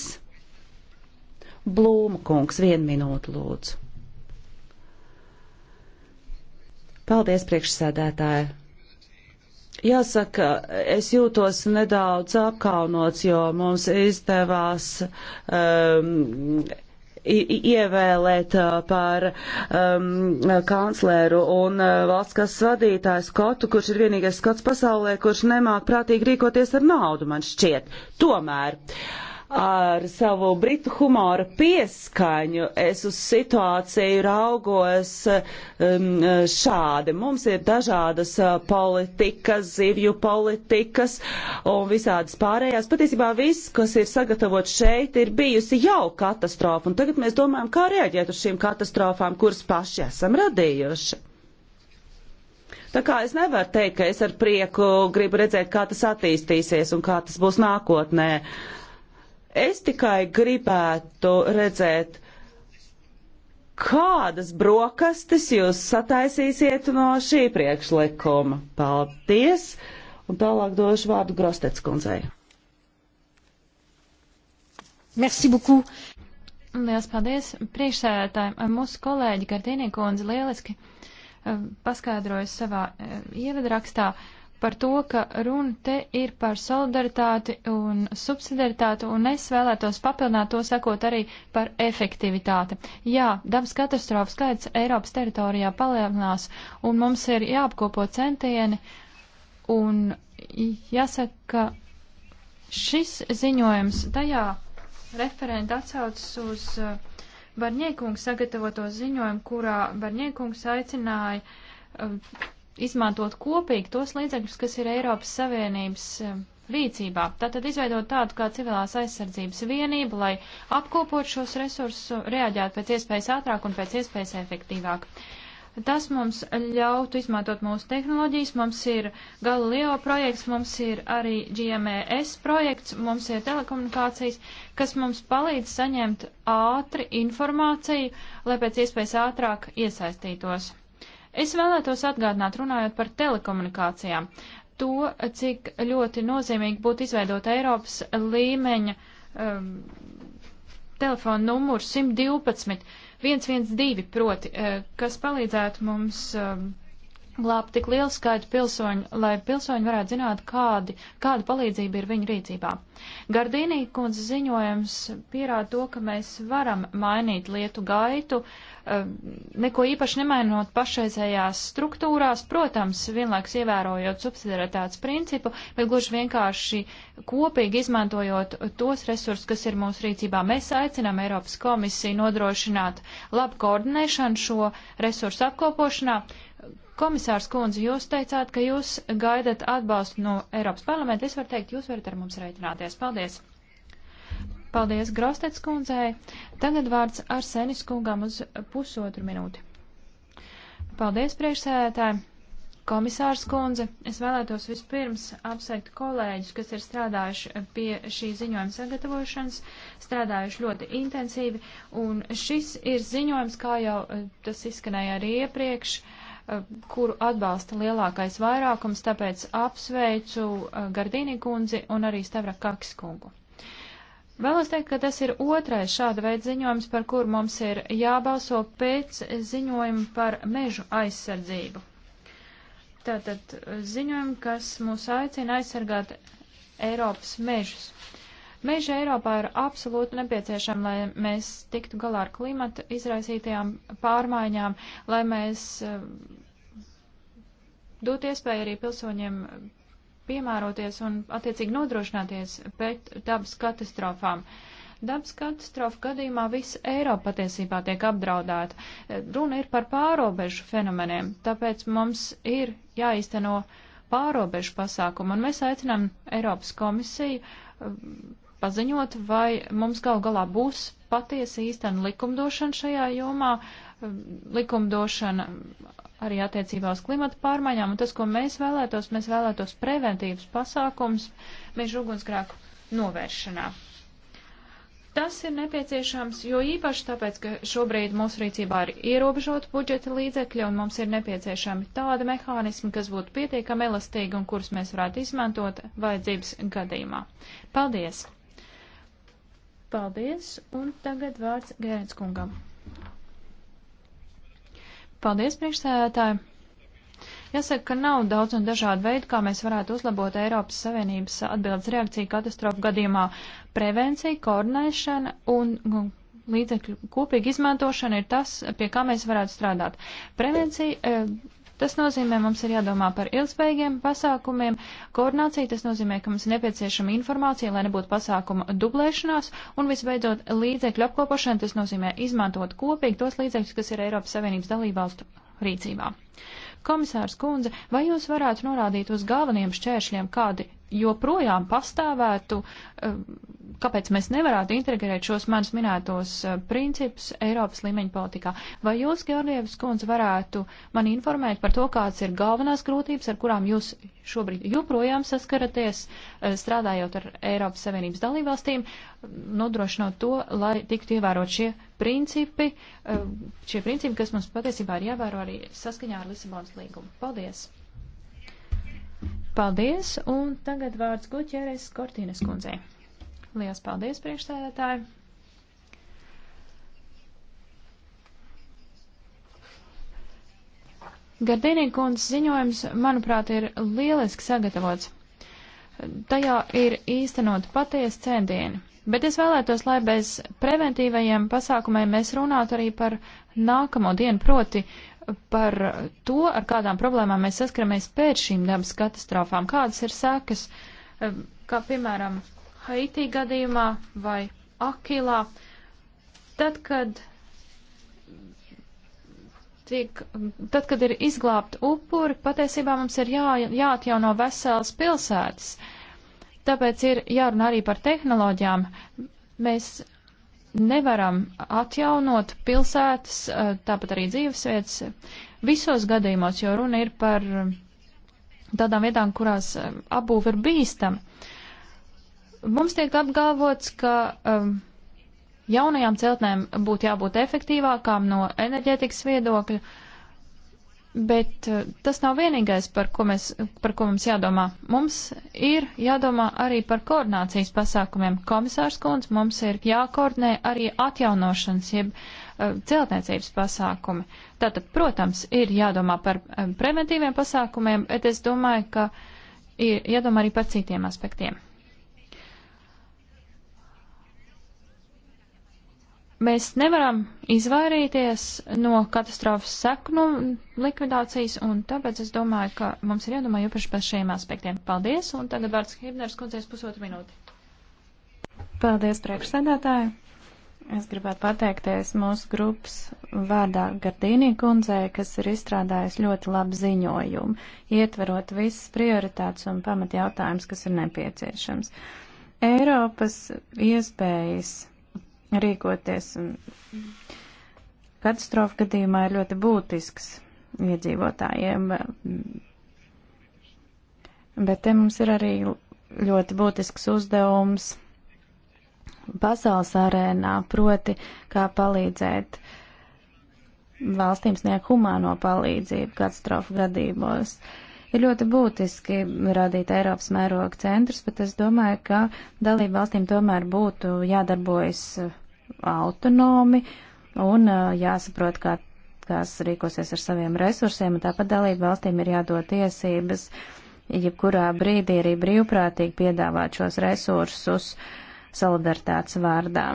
S2: Blūma kungs, vienu minūtu lūdzu. Paldies, priekšsēdētāji! Jāsaka, es jūtos nedaudz apkaunots, jo mums izdevās um, ievēlēt uh, par um, kancleru un uh, valsts kas vadītājs Skotu, kurš ir vienīgais Skots pasaulē, kurš nemāk prātīgi rīkoties ar naudu, man šķiet. Tomēr. Uh, ar savu britu humoru pieskaņu es uz situāciju raugos um, šādi. Mums ir dažādas uh, politikas, zivju politikas un visādas pārējās. Patiesībā viss, kas ir sagatavots šeit, ir bijusi jau katastrofa. Un tagad mēs domājam, kā reaģēt uz šīm katastrofām, kuras paši esam radījuši. Tā kā es nevaru teikt, ka es ar prieku gribu redzēt, kā tas attīstīsies un kā tas būs nākotnē. Uh, Es tikai gribētu redzēt, kādas brokastis jūs sataisīsiet no šī priekšlikuma. Paldies! Un tālāk došu vārdu Grostets kundzei.
S3: Merci beaucoup! Lielas paldies priekšsēdētājiem. Mūsu kolēģi Gardīnī kundze lieliski eh, paskaidroja savā eh, ievadrakstā. Uh, par to, ka runa te ir par solidaritāti un subsidiaritāti, un es vēlētos papildināt to sakot arī par efektivitāti. Jā, dabas katastrofu skaits Eiropas teritorijā palielinās, un mums ir jāapkopo centieni, un jāsaka, šis ziņojums tajā referenta atsaucas uz uh, Barņiekungs sagatavoto ziņojumu, kurā Barņiekungs aicināja uh, izmantot kopīgi tos līdzekļus, kas ir Eiropas Savienības eh, rīcībā. Tātad izveidot tādu kā civilās aizsardzības vienību, lai apkopot šos resursus, reaģētu pēc iespējas ātrāk un pēc iespējas efektīvāk. Tas mums ļautu izmantot mūsu tehnoloģijas, mums ir Galileo projekts, mums ir arī GMES projekts, mums ir telekomunikācijas, kas mums palīdz saņemt ātri informāciju, lai pēc iespējas ātrāk iesaistītos. Es vēlētos atgādināt, runājot par telekomunikācijām, to, cik ļoti nozīmīgi būtu izveidot Eiropas līmeņa um, telefonu numuru 112, 112, proti, eh, kas palīdzētu mums. Um, glābt tik lielu skaitu pilsoņu, lai pilsoņi varētu zināt, kādi, kāda palīdzība ir viņu rīcībā. Gardīnī kundze ziņojums pierāda to, ka mēs varam mainīt lietu gaitu, eh, neko īpaši nemainot pašreizējās struktūrās, protams, vienlaiks ievērojot subsidiaritātes principu, bet gluži vienkārši kopīgi izmantojot tos resursus, kas ir mūsu rīcībā. Mēs aicinām Eiropas komisiju nodrošināt labu koordinēšanu šo resursu apkopošanā Komisārs Kundze, jūs teicāt, ka jūs gaidat atbalstu no Eiropas parlamenta. Es varu teikt, jūs varat ar mums reiķināties. Paldies! Paldies Grostets kundzei. Tagad vārds Arsenis kungam uz pusotru minūti. Paldies priekšsēdētāji! Komisārs kundze, es vēlētos vispirms apsveikt kolēģus, kas ir strādājuši pie šī ziņojuma sagatavošanas, strādājuši ļoti intensīvi, un šis ir ziņojums, kā jau eh, tas izskanēja arī iepriekš, uh, Eh, kuru atbalsta lielākais vairākums, tāpēc apsveicu eh, Gardīni kundzi un arī Stavra Kaks kungu. Vēlos teikt, ka tas ir otrais šāda veida ziņojums, par kuru mums ir jābalso pēc ziņojuma par mežu aizsardzību. Tātad eh, ziņojumi, kas mūs aicina aizsargāt Eiropas mežus. Meža Eiropā ir absolūti nepieciešama, lai mēs tiktu galā ar klimata izraisītajām pārmaiņām, lai mēs dot iespēju arī pilsoņiem piemēroties un attiecīgi nodrošināties pēc dabas katastrofām. Dabas katastrofu gadījumā visa Eiropa patiesībā tiek apdraudēta. Runa ir par pārobežu fenomeniem, tāpēc mums ir jāizteno pārobežu pasākumu, un mēs aicinām Eiropas komisiju um, paziņot, vai mums gal galā būs patiesi īstena likumdošana šajā jomā, um, likumdošana arī attiecībā uz klimata pārmaiņām, un tas, ko mēs vēlētos, mēs vēlētos preventīvas pasākums mežu ugunsgrāku novēršanā. Tas ir nepieciešams, jo īpaši tāpēc, ka šobrīd mūsu rīcībā ir ierobežota budžeta līdzekļa, un mums ir nepieciešami tādi mehānismi, kas būtu pietiekami elastīgi un kurus mēs varētu izmantot vajadzības gadījumā. Paldies! Paldies, un tagad vārds Gērens kungam. Paldies, priekšsēdētāji! Jāsaka, ka nav daudz un dažādu veidu, kā mēs varētu uzlabot Eiropas Savienības atbildes reakciju katastrofu gadījumā. Prevencija, koordinēšana un līdzekļu kopīga izmantošana ir tas, pie kā mēs varētu strādāt. Prevencija. E, Tas nozīmē, mums ir jādomā par ilgspējīgiem pasākumiem. Koordinācija tas nozīmē, ka mums ir nepieciešama informācija, lai nebūtu pasākuma dublēšanās. Un visbeidzot, līdzekļu apkopošana tas nozīmē izmantot kopīgi tos līdzekļus, kas ir Eiropas Savienības dalībvalstu rīcībā. Komisārs Kundze, vai jūs varētu norādīt uz galveniem šķēršļiem, kādi joprojām pastāvētu, eh, kāpēc mēs nevarētu integrēt šos manis minētos eh, principus Eiropas līmeņa politikā. Vai jūs, Georgievs kundze, varētu man informēt par to, kādas ir galvenās grūtības, ar kurām jūs šobrīd joprojām saskaraties, eh, strādājot ar Eiropas Savienības dalībvalstīm, nodrošinot to, lai tiktu ievērot šie principi, šie principi, kas mums patiesībā ir jāvēro arī saskaņā ar Lisabonas līgumu. Paldies! Paldies, un tagad vārds Guķeres Kortīnes kundzei. Lielas paldies, priekšsēdētāji! Gardīnīkundas ziņojums, manuprāt, ir lieliski sagatavots. Tajā ir īstenot patiesi centieni. Bet es vēlētos, lai bez preventīvajiem pasākumiem mēs runātu arī par nākamo dienu, proti par to, ar kādām problēmām mēs saskaramies pēc šīm dabas katastrofām, kādas ir sekas, eh, kā piemēram Haitī gadījumā vai Akilā. Tad, kad tiek, tad, kad ir izglābta upuri, patiesībā mums ir jā, jāatjauno vesels pilsētas. Uh, Tāpēc ir jārunā arī par tehnoloģijām. Mēs nevaram atjaunot pilsētas, tāpat arī dzīvesvietas visos gadījumos, jo runa ir par tādām vietām, kurās apbūve ir bīstama. Mums tiek apgalvots, ka jaunajām celtnēm būtu jābūt efektīvākām no enerģētikas viedokļa Bet eh, tas nav vienīgais, par ko, mēs, par ko mums jādomā. Mums ir jādomā arī par koordinācijas pasākumiem. Komisārs kundz, mums ir jākoordinē arī atjaunošanas, jeb uh, celtniecības pasākumi. Tātad, protams, ir jādomā par eh, preventīviem pasākumiem, bet es domāju, ka ir jādomā arī par citiem aspektiem. mēs nevaram izvairīties no katastrofas seku nu, likvidācijas, un tāpēc es domāju, ka mums ir jādomā īpaši par šiem aspektiem. Paldies, un tagad vārds Hibners kundzēs pusotru minūti. Paldies, priekšsēdētāji. Es gribētu
S1: pateikties mūsu grupas vārdā Gardīnī kundzei, kas ir izstrādājusi ļoti labu ziņojumu, ietverot visas prioritātes un pamatjautājumus, kas ir nepieciešams. Eiropas iespējas rīkoties. Katastrofa gadījumā ir ļoti būtisks iedzīvotājiem, bet te mums ir arī ļoti būtisks uzdevums pasaules arēnā, proti, kā palīdzēt valstīm sniegt humāno palīdzību katastrofu gadījumos. Uh, Ir ļoti būtiski radīt Eiropas mēroga centrus, bet es domāju, ka dalību valstīm tomēr būtu jādarbojas uh, autonomi un uh, jāsaprot, kā tās rīkosies ar saviem resursiem, un tāpat dalību valstīm ir jādod tiesības, jebkurā brīdī arī brīvprātīgi piedāvāt šos resursus solidaritātes vārdā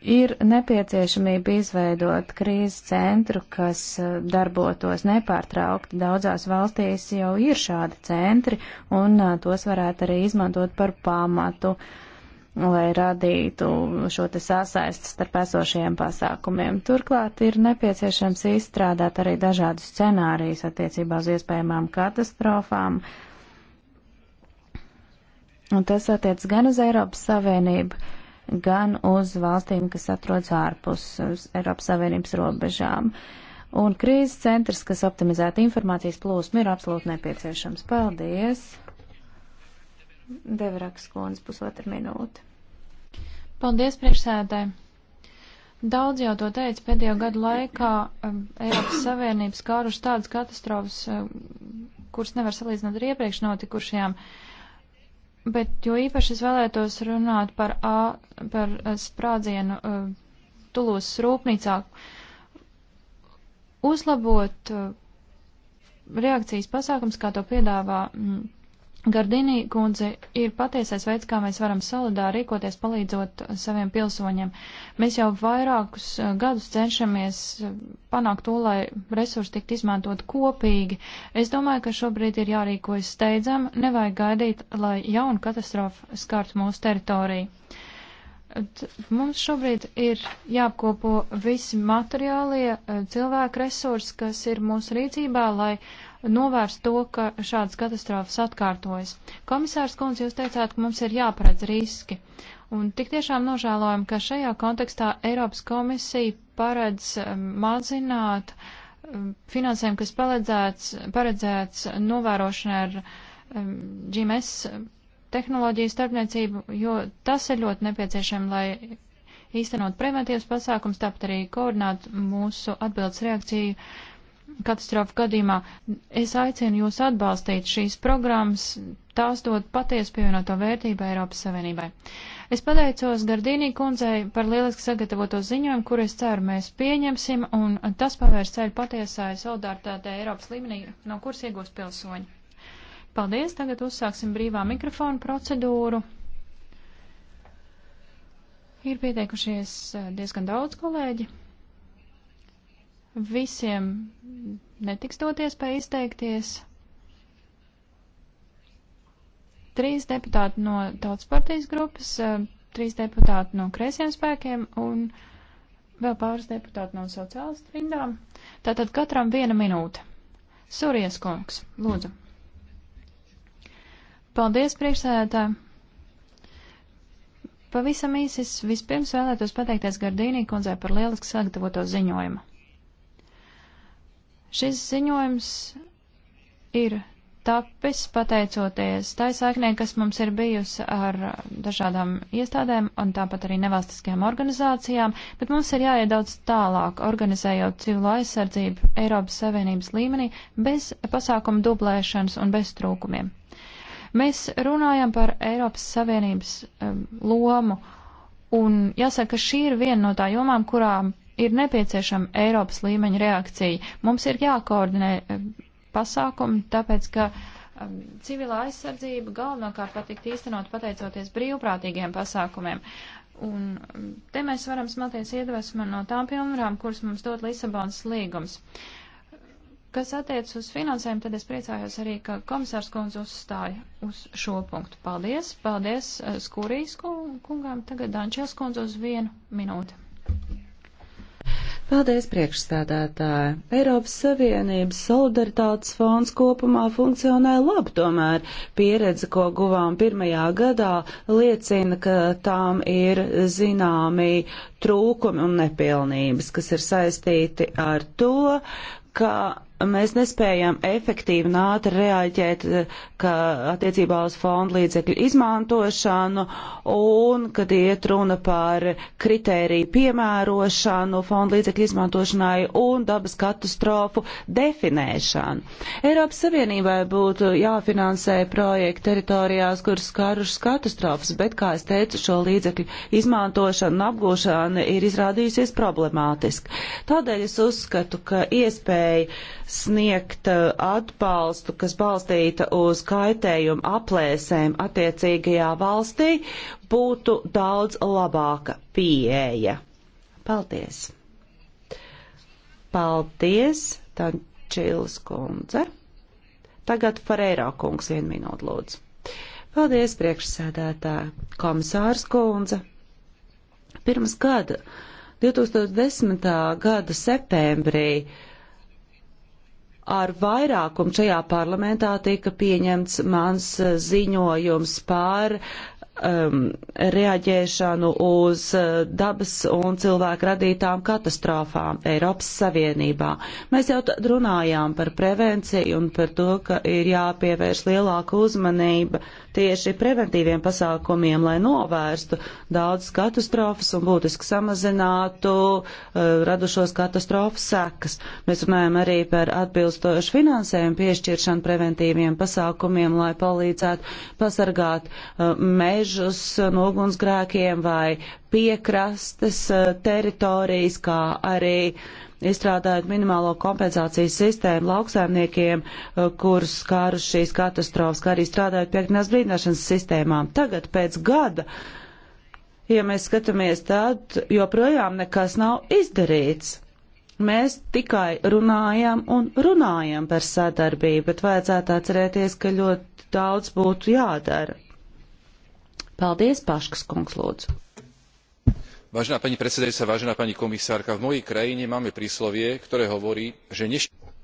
S1: ir nepieciešamība izveidot krīzes centru, kas eh, darbotos nepārtraukti. Daudzās valstīs jau ir šādi centri, un eh, tos varētu arī izmantot par pamatu, lai radītu šo te sasaistas starp esošajiem pasākumiem. Turklāt ir nepieciešams izstrādāt arī dažādus scenārijus attiecībā uz iespējamām katastrofām. Un tas attiec gan uz Eiropas Savienību, gan uz valstīm, kas atrodas ārpus Eiropas Savienības robežām. Un krīzes centrs, kas optimizētu informācijas plūsmu, ir absolūti nepieciešams. Paldies! Deveraks kundze, pusotra minūte.
S3: Paldies, priekšsēdētāji! Daudz jau to teica pēdējo gadu laikā um, Eiropas Savienības kāruši tādas katastrofas, um, kuras nevar salīdzināt ar iepriekš notikušajām. Uh, Bet jo īpaši es vēlētos runāt par, A, par eh, sprādzienu uh, eh, Tulūs rūpnīcā. Uzlabot uh, reakcijas pasākums, kā to piedāvā. Mm, Gardinī kundze ir patiesais veids, kā mēs varam solidāri rīkoties, palīdzot saviem pilsoņiem. Mēs jau vairākus eh, gadus cenšamies eh, panākt to, lai resursi tiktu izmantot kopīgi. Es domāju, ka šobrīd ir jārīkojas steidzam, nevajag gaidīt, lai jauna katastrofa skart mūsu teritoriju. Mums šobrīd ir jāapkopo visi materiālie eh, cilvēku resursi, kas ir mūsu rīcībā, lai novērst to, ka šādas katastrofas atkārtojas. Komisārs Kunz, jūs teicāt, ka mums ir jāparedz riski. Un tik tiešām nožēlojam, ka šajā kontekstā Eiropas komisija paredz um, mazināt um, finansējumu, kas paredzēts, paredzēts novērošanai ar um, GMS tehnoloģiju starpniecību, jo tas ir ļoti nepieciešams, lai īstenot preventīvas pasākums, tāpat arī koordinēt mūsu atbildes reakciju katastrofu gadījumā. Es aicinu jūs atbalstīt šīs programmas, tās dod patiesu pievienoto vērtību Eiropas Savienībai. Es pateicos Gardīnī kundzei par lieliski sagatavoto ziņojumu, kur es ceru mēs pieņemsim, un tas pavērs ceļu patiesai solidaritātei Eiropas līmenī, no kuras iegūs pilsoņi. Paldies, tagad uzsāksim brīvā mikrofonu procedūru. Ir pieteikušies eh, diezgan daudz kolēģi. Visiem netiks dot iespēju izteikties. Trīs deputāti no Tautas partijas grupas, eh, trīs deputāti no kreisiem spēkiem un vēl pāris deputāti no sociālistu rindām. Tātad katram viena minūte. Suries kungs, lūdzu. Paldies, priekšsēdētāji. Pavisam īsis vispirms vēlētos pateikties Gardīnī kundzei par lieliski sagatavoto ziņojumu. Šis ziņojums ir tapis pateicoties tai saiknē, kas mums ir bijusi ar dažādām iestādēm un tāpat arī nevalstiskajām organizācijām, bet mums ir jāiet daudz tālāk, organizējot civil aizsardzību Eiropas Savienības līmenī bez pasākumu dublēšanas un bez trūkumiem. Mēs runājam par Eiropas Savienības um, lomu, un jāsaka, ka šī ir viena no tā jomām, kurām ir nepieciešama Eiropas līmeņa reakcija. Mums ir jākoordinē eh, pasākumi, tāpēc ka um, civilā aizsardzība galvenokārt patikt īstenot pateicoties brīvprātīgiem pasākumiem. Un um, te mēs varam smelties iedvesmu no tām pilnvarām, kuras mums dod Lisabonas līgums. Kas attiec uz finansēm, tad es priecājos arī, ka komisārs kundze uzstāja uz šo punktu. Paldies, paldies eh, Skurijas kungām, tagad Dančels kundze uz vienu minūti.
S2: Paldies, priekšstādātāji. Eiropas Savienības solidaritātes fonds kopumā funkcionē labi, tomēr pieredze, ko guvām pirmajā gadā, liecina, ka tām ir zināmi trūkumi un nepilnības, kas ir saistīti ar to, ka mēs nespējam efektīvi un ātri reaģēt eh, ka attiecībā uz fondu līdzekļu izmantošanu un, kad iet runa par kritēriju piemērošanu fondu līdzekļu izmantošanai un dabas katastrofu definēšanu. Eiropas Savienībai būtu jāfinansē projekti teritorijās, kuras skarušas katastrofas, bet, kā es teicu, šo līdzekļu izmantošana un apgūšana ir izrādījusies problemātiski. Tādēļ es uzskatu, ka iespēja sniegt uh, atbalstu, kas balstīta uz kaitējumu aplēsēm attiecīgajā valstī, būtu daudz labāka pieeja. Paldies! Paldies, Tančīlas kundze! Tagad Farērā kungs vienu minūtu lūdzu. Paldies, priekšsēdētāja, komisārs kundze! Pirms gada, 2010. gada septembrī, ar vairākumu šajā parlamentā tika pieņemts mans eh, ziņojums par um, reaģēšanu uz eh, dabas un cilvēku radītām katastrofām Eiropas Savienībā. Mēs jau tad runājām par prevenciju un par to, ka ir jāpievērš lielāka uzmanība tieši preventīviem pasākumiem, lai novērstu daudzas katastrofas un būtiski samazinātu uh, radušos katastrofas sekas. Mēs runājam arī par atbilstošu finansējumu piešķiršanu preventīviem pasākumiem, lai palīdzētu pasargāt uh, mežus no ugunsgrēkiem vai piekrastes uh, teritorijas, kā arī uh, izstrādājot minimālo kompensācijas sistēmu lauksaimniekiem, eh, kurus skārus šīs katastrofas, kā arī strādājot piekdienās brīdināšanas sistēmām. Tagad pēc gada, ja mēs skatāmies, tad joprojām nekas nav izdarīts. Mēs tikai runājam un runājam par sadarbību, bet vajadzētu atcerēties, ka ļoti daudz būtu jādara. Paldies, Paškas kungs, lūdzu
S3: vážená pani predsedajúca vážená pani komisárka v mojej krajine máme príslovie ktoré hovorí že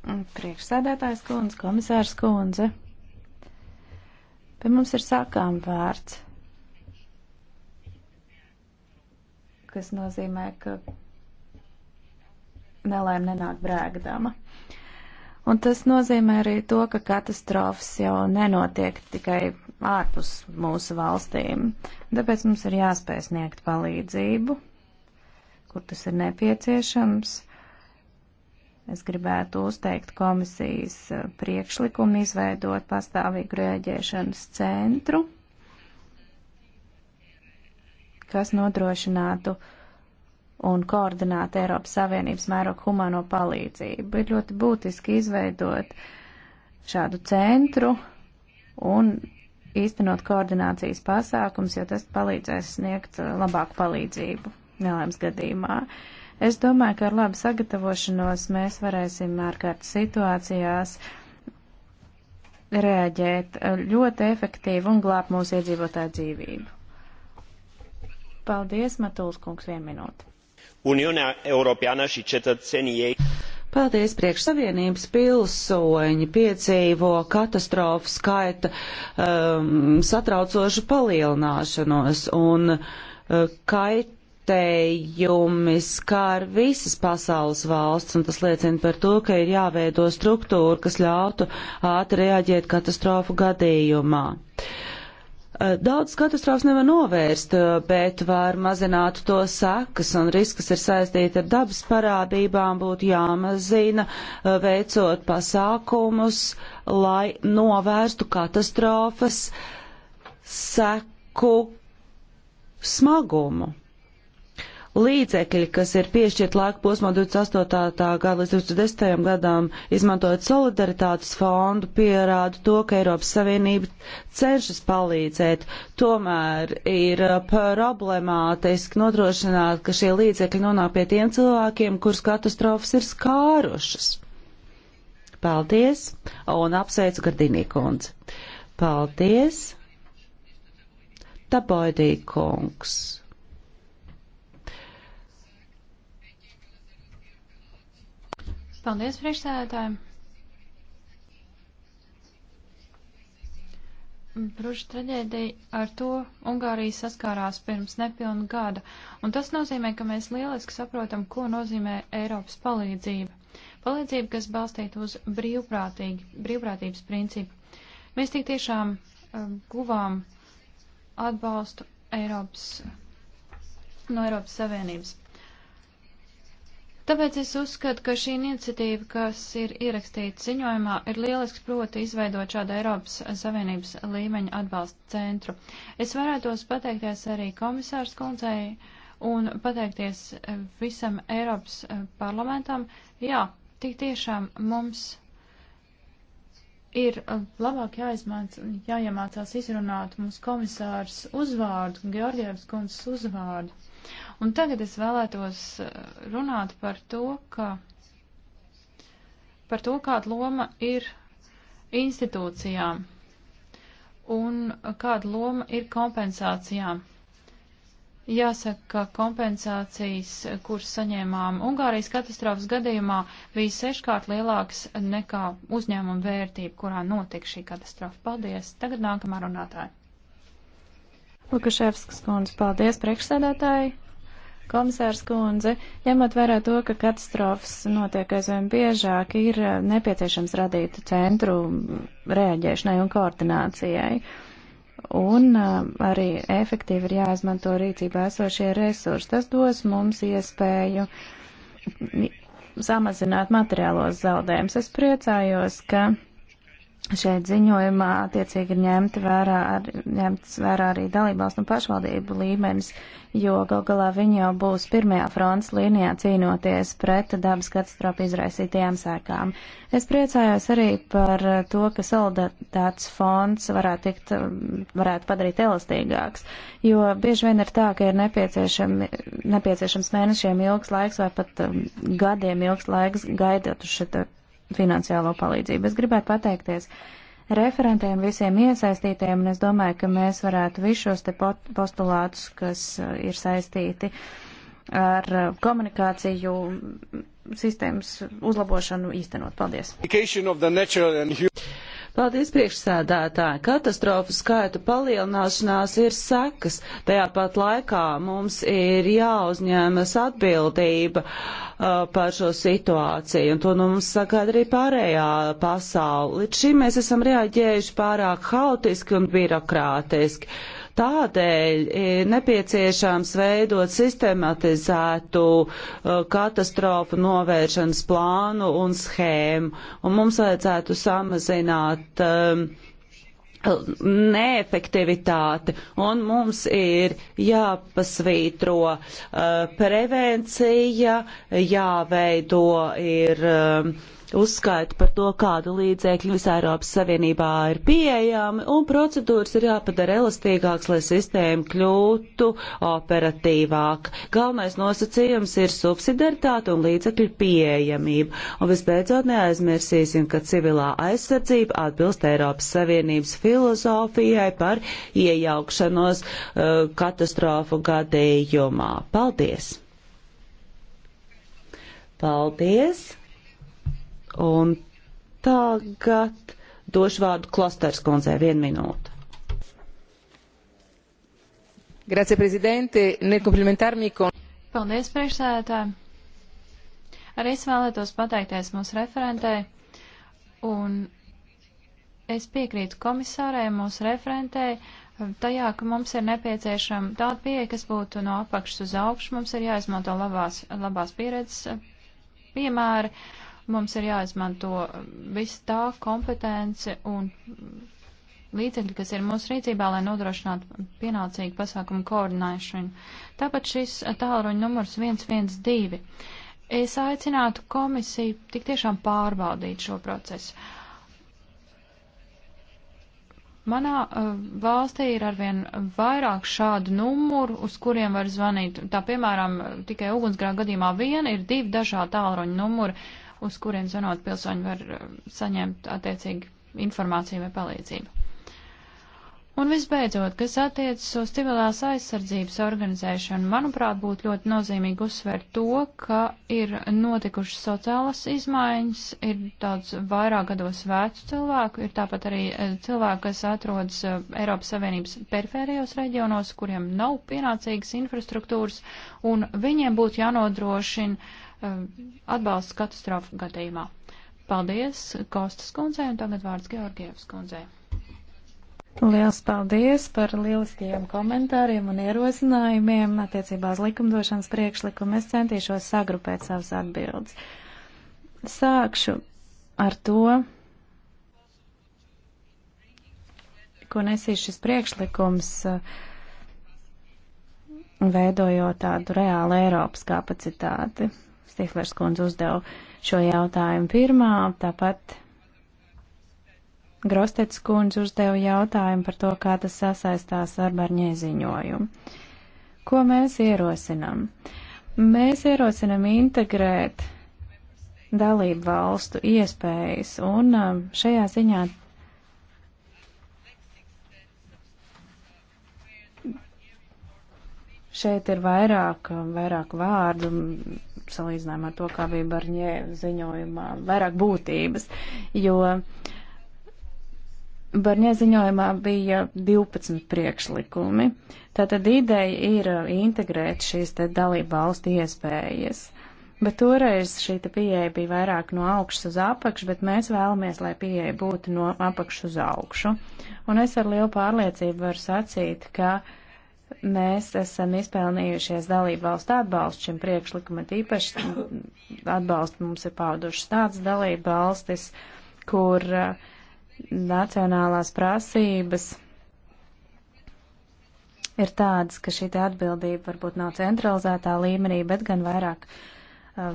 S1: Priekšsēdētājs kundze, komisārs kundze, pie mums ir sākām vārds, kas nozīmē, ka nelēm nenāk brēgdama. Un tas nozīmē arī to, ka katastrofas jau nenotiek tikai ārpus mūsu valstīm. Tāpēc mums ir jāspēj sniegt palīdzību, kur tas ir nepieciešams. Es gribētu uzteikt komisijas eh, priekšlikumu izveidot pastāvīgu rēģēšanas centru, kas nodrošinātu un koordinētu Eiropas Savienības mērogu humano palīdzību. Ir ļoti būtiski izveidot šādu centru un īstenot koordinācijas pasākums, jo tas palīdzēs sniegt uh, labāku palīdzību nelēms gadījumā. Es domāju, ka ar labu sagatavošanos mēs varēsim ārkārtas situācijās reaģēt uh, ļoti efektīvi un glābt mūsu iedzīvotāju dzīvību. Paldies, Matuls kungs, vienu minūti.
S3: Uniunea Europeană și cetățenii ei
S2: Paldies, priekš savienības pilsoņi piedzīvo katastrofu skaita um, satraucošu palielināšanos un uh, kaitējumi skār visas pasaules valsts, un tas liecina par to, ka ir jāveido struktūra, kas ļautu ātri reaģēt katastrofu gadījumā. Uh, Eh, daudz katastrofas nevar novērst, eh, bet var mazināt to sekas un risks, kas ir saistīti ar dabas parādībām, būtu jāmazina, eh, veicot pasākumus, lai novērstu katastrofas seku smagumu līdzekļi, kas ir piešķirt laika posmā 28. gada līdz 2010. gadam, izmantojot solidaritātes fondu, pierāda to, ka Eiropas Savienība cenšas palīdzēt. Tomēr ir uh, problemātiski nodrošināt, ka šie līdzekļi nonāk pie tiem cilvēkiem, kurus katastrofas ir skārušas. Paldies un apsveicu Gardinī kundzi. Paldies! Taboidī kungs.
S3: Paldies priekšsēdētājiem. Bruža traģēdija ar to Ungārija saskārās pirms nepilnu gada, un tas nozīmē, ka mēs lieliski saprotam, ko nozīmē Eiropas palīdzība. Palīdzība, kas balstīta uz brīvprātības principu. Mēs tik tiešām um, guvām atbalstu Eiropas, no Eiropas Savienības. Tāpēc es uzskatu, ka šī iniciatīva, kas ir ierakstīta ziņojumā, ir lielisks proti izveidot šādu Eiropas Savienības līmeņa atbalsta centru. Es varētos pateikties arī komisārs kundzei un pateikties visam Eiropas parlamentam. Jā, tik tiešām mums ir labāk jāizmāc, jāiemācās izrunāt mūsu komisārs uzvārdu, Georgievas kundzes uzvārdu. Un tagad es vēlētos eh, runāt par to, ka, par to kāda loma ir institūcijām un kāda loma ir kompensācijām. Jāsaka, ka kompensācijas, kuras saņēmām Ungārijas katastrofas gadījumā, bija seškārt lielākas nekā uzņēmuma vērtība, kurā notika šī katastrofa. Paldies! Tagad nākamā runātāja.
S1: Lukaševskas kundze, paldies priekšsēdētāji. Komisārs kundze, ņemot vērā to, ka katastrofas notiek aizvien biežāk, ir eh, nepieciešams radīt centru rēģēšanai un koordinācijai. Un eh, arī efektīvi ir jāizmanto rīcībā esošie resursi. Tas dos mums iespēju samazināt materiālos zaudējumus. Es priecājos, ka Šeit ziņojumā attiecīgi ir ņemti vērā, ar, ņemts vērā arī dalībvalstu un pašvaldību līmenis, jo gal galā viņi jau būs pirmajā fronts līnijā cīnoties pret dabas katastrofu izraisītajām sēkām. Es priecājos arī par to, ka solidaritātes fonds varētu, tikt, varētu padarīt elastīgāks, jo bieži vien ir tā, ka ir nepieciešam, nepieciešams mēnešiem ilgs laiks vai pat um, gadiem ilgs laiks gaidot uz šo finansiālo palīdzību. Es gribētu pateikties referentiem, visiem iesaistītiem, un es domāju, ka mēs varētu visus šos te postulātus, kas uh, ir saistīti ar uh, komunikāciju sistēmas uzlabošanu īstenot. Paldies!
S2: Paldies, priekšsēdētāji! Katastrofu skaitu palielināšanās ir sekas. Tajā pat laikā mums ir jāuzņemas atbildība. Uh, par šo situāciju, un to nu mums sagaida arī pārējā pasaule. Līdz šim mēs esam reaģējuši pārāk haotiski un birokrātiski. Tādēļ ir nepieciešams veidot sistematizētu katastrofu novēršanas plānu un schēmu, un mums vajadzētu samazināt um, neefektivitāti, un mums ir jāpasvītro uh, prevencija, jāveido ir. Uh, uzskaitu par to, kādu līdzēkļu visā Eiropas Savienībā ir pieejami, un procedūras ir jāpadara elastīgāks, lai sistēma kļūtu operatīvāk. Galvenais nosacījums ir subsidaritāte un līdzekļu pieejamība. Un visbeidzot neaizmirsīsim, ka civilā aizsardzība atbilst Eiropas Savienības filozofijai par iejaukšanos uh, katastrofu gadījumā. Paldies! Paldies! Un tagad došu vārdu klasters kundzē vienu minūtu.
S3: Grazie, prezidente, nel complimentarmi con. Paldies, priekšsēdētāji. Arī es vēlētos pateikties mūsu referentē, un es piekrītu komisārē, mūsu referentē, tajā, ka mums ir nepieciešama tāda pieeja, kas būtu no apakšas uz augšu, mums ir jāizmanto labās, labās pieredzes piemēri Mums ir jāizmanto viss tā kompetence un līdzekļi, kas ir mūsu rīcībā, lai nodrošinātu pienācīgu pasākumu koordinēšanu. Tāpat šis tālruņa numurs 112. Es aicinātu komisiju tik tiešām pārbaudīt šo procesu. Manā uh, valstī ir arvien vairāk šādu numuru, uz kuriem var zvanīt. Tā piemēram, tikai ugunsgrā gadījumā viena ir divi dažādi tālruņa numuri. Uh, uz kuriem zvanot pilsoņi var eh, saņemt attiecīgi informāciju vai palīdzību. Un visbeidzot, kas attiecas uz civilās aizsardzības organizēšanu, manuprāt, būtu ļoti nozīmīgi uzsvērt to, ka ir notikušas sociālas izmaiņas, ir daudz vairāk gados vecu cilvēku, ir tāpat arī eh, cilvēki, kas atrodas eh, Eiropas Savienības perifērijos reģionos, kuriem nav pienācīgas infrastruktūras, un viņiem būtu jānodrošina Um, atbalsts katastrofu gadījumā. Paldies Kostas kundzei un tagad vārds Georgievas kundzei.
S1: Liels paldies par lieliskajiem komentāriem un ierosinājumiem attiecībā uz likumdošanas priekšlikumu. Es centīšos sagrupēt savas atbildes. Sākšu ar to, ko nesīs šis priekšlikums, uh, veidojot tādu reālu Eiropas kapacitāti. Stihlers kundze uzdeva šo jautājumu pirmā, tāpat Grostets kundze uzdeva jautājumu par to, kā tas sasaistās ar barņē ziņojumu. Ko mēs ierosinam? Mēs ierosinam integrēt dalību valstu iespējas, un um, šajā ziņā Šeit ir vairāk, vairāk vārdu salīdzinājumā ar to, kā bija Barņē ziņojumā, vairāk būtības, jo Barņē ziņojumā bija 12 priekšlikumi. Tātad ideja ir integrēt šīs te dalību valstu iespējas. Bet toreiz šī pieeja bija vairāk no augšas uz apakšu, bet mēs vēlamies, lai pieeja būtu no apakšas uz augšu. Un es ar lielu pārliecību varu sacīt, ka uh, mēs esam izpelnījušies dalību valstu atbalstu šim priekšlikumam. Tīpaši atbalstu mums ir paudušas tādas dalību valstis, kur uh, nacionālās prasības ir tādas, ka šī atbildība varbūt nav centralizētā līmenī, bet gan vairāk uh,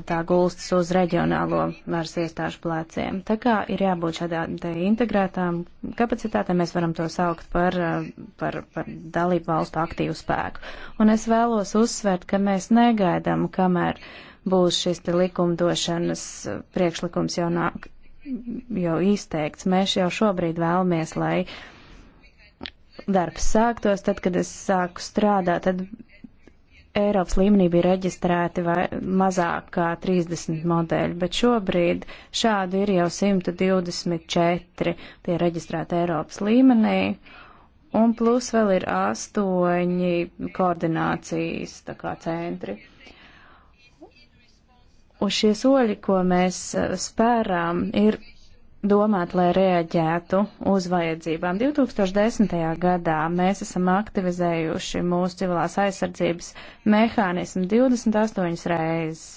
S1: tā gulstas uz reģionālo varas iestāžu plēciem. Tā kā ir jābūt šādām integrētām kapacitātēm, mēs varam to saukt par, eh, par, par dalību valstu aktīvu spēku. Un es vēlos uzsvērt, ka mēs negaidam, kamēr būs šis likumdošanas priekšlikums jau, nāk, jau izteikts. Mēs jau šobrīd vēlamies, lai darbs sāktos, tad, kad es sāku strādāt, tad Eiropas līmenī bija reģistrēti vai mazāk kā 30 modeļi, bet šobrīd šādi ir jau 124, tie reģistrēti Eiropas līmenī, un plus vēl ir astoņi koordinācijas tā kā centri. Un šie soļi, ko mēs eh, spērām, ir domāt, lai reaģētu uz vajadzībām. 2010. gadā mēs esam aktivizējuši mūsu civilās aizsardzības mehānismu 28 reizes.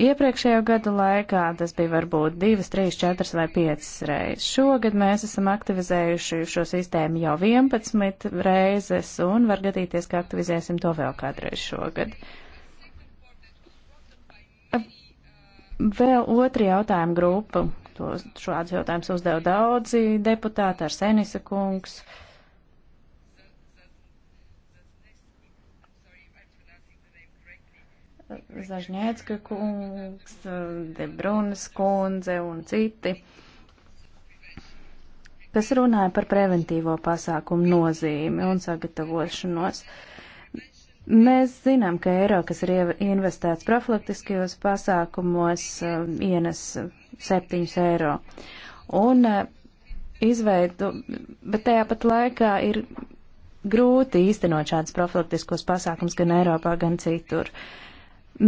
S1: Iepriekšējo gadu laikā tas bija varbūt 2, 3, 4 vai 5 reizes. Šogad mēs esam aktivizējuši šo sistēmu jau 11 reizes un var gadīties, ka aktivizēsim to vēl kādreiz šogad. Vēl otra jautājuma grupa, Tos šādus jautājumus uzdeva daudzi deputāti ar Senisa kungs. Zažņēcka kungs, Debrunas kundze un citi, kas runāja par preventīvo pasākumu nozīmi un sagatavošanos. Uh, Mēs zinām, ka eiro, kas ir investēts profilaktiskajos pasākumos, um, ienes 7 eiro. Un uh, izveidu, bet tajā pat laikā ir grūti īstenot šādus profilaktiskos pasākums gan Eiropā, gan citur.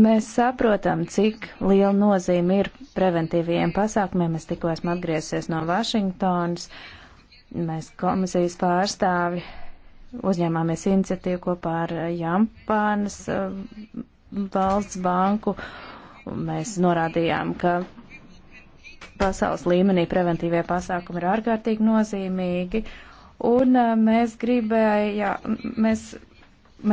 S1: Mēs saprotam, cik liela nozīme ir preventīvajiem pasākumiem. Es tikko esmu atgriezies no Vašingtonas. Mēs komisijas pārstāvi uzņēmāmies iniciatīvu kopā ar Jampānas eh, valsts banku. Mēs norādījām, ka pasaules līmenī preventīvie pasākumi ir ārkārtīgi nozīmīgi, un eh, mēs gribēja, mēs,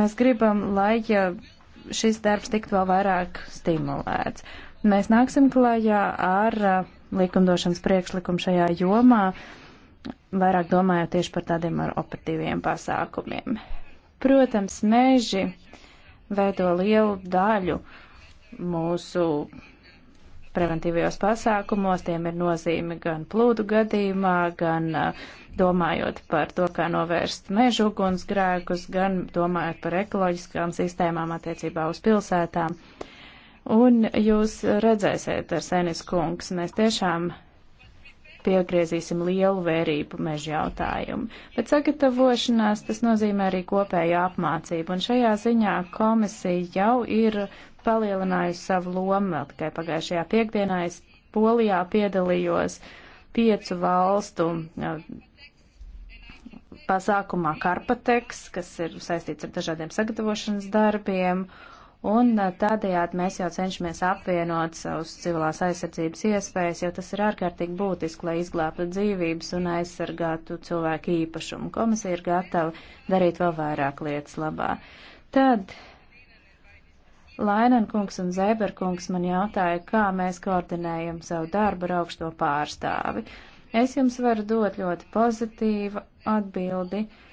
S1: mēs gribam, lai šis darbs tiktu vēl vairāk stimulēts. Mēs nāksim klajā ar eh, likumdošanas priekšlikumu šajā jomā, uh, vairāk domājot tieši par tādiem ar operatīviem pasākumiem. Protams, meži veido lielu daļu mūsu preventīvajos pasākumos, tiem ir nozīme gan plūdu gadījumā, gan domājot par to, kā novērst mežu ugunsgrēkus, gan domājot par ekoloģiskām sistēmām attiecībā uz pilsētām. Un jūs redzēsiet ar Senis kungs, mēs tiešām piegriezīsim lielu vērību meža jautājumu. Bet sagatavošanās tas nozīmē arī kopēju apmācību, un šajā ziņā komisija jau ir palielinājusi savu lomu, vēl tikai pagājušajā piekdienā es Polijā piedalījos piecu valstu uh, pasākumā Karpateks, kas ir saistīts ar dažādiem sagatavošanas darbiem, uh, Un eh, tādējādi mēs jau cenšamies apvienot savus civilās aizsardzības iespējas, jo tas ir ārkārtīgi būtiski, lai izglābtu dzīvības un aizsargātu cilvēku īpašumu. Komisija ir gatava darīt vēl vairāk lietas labā. Tad Lainankungs un Zēberkungs man jautāja, kā mēs koordinējam savu darbu ar augsto pārstāvi. Es jums varu dot ļoti pozitīvu atbildi. Uh,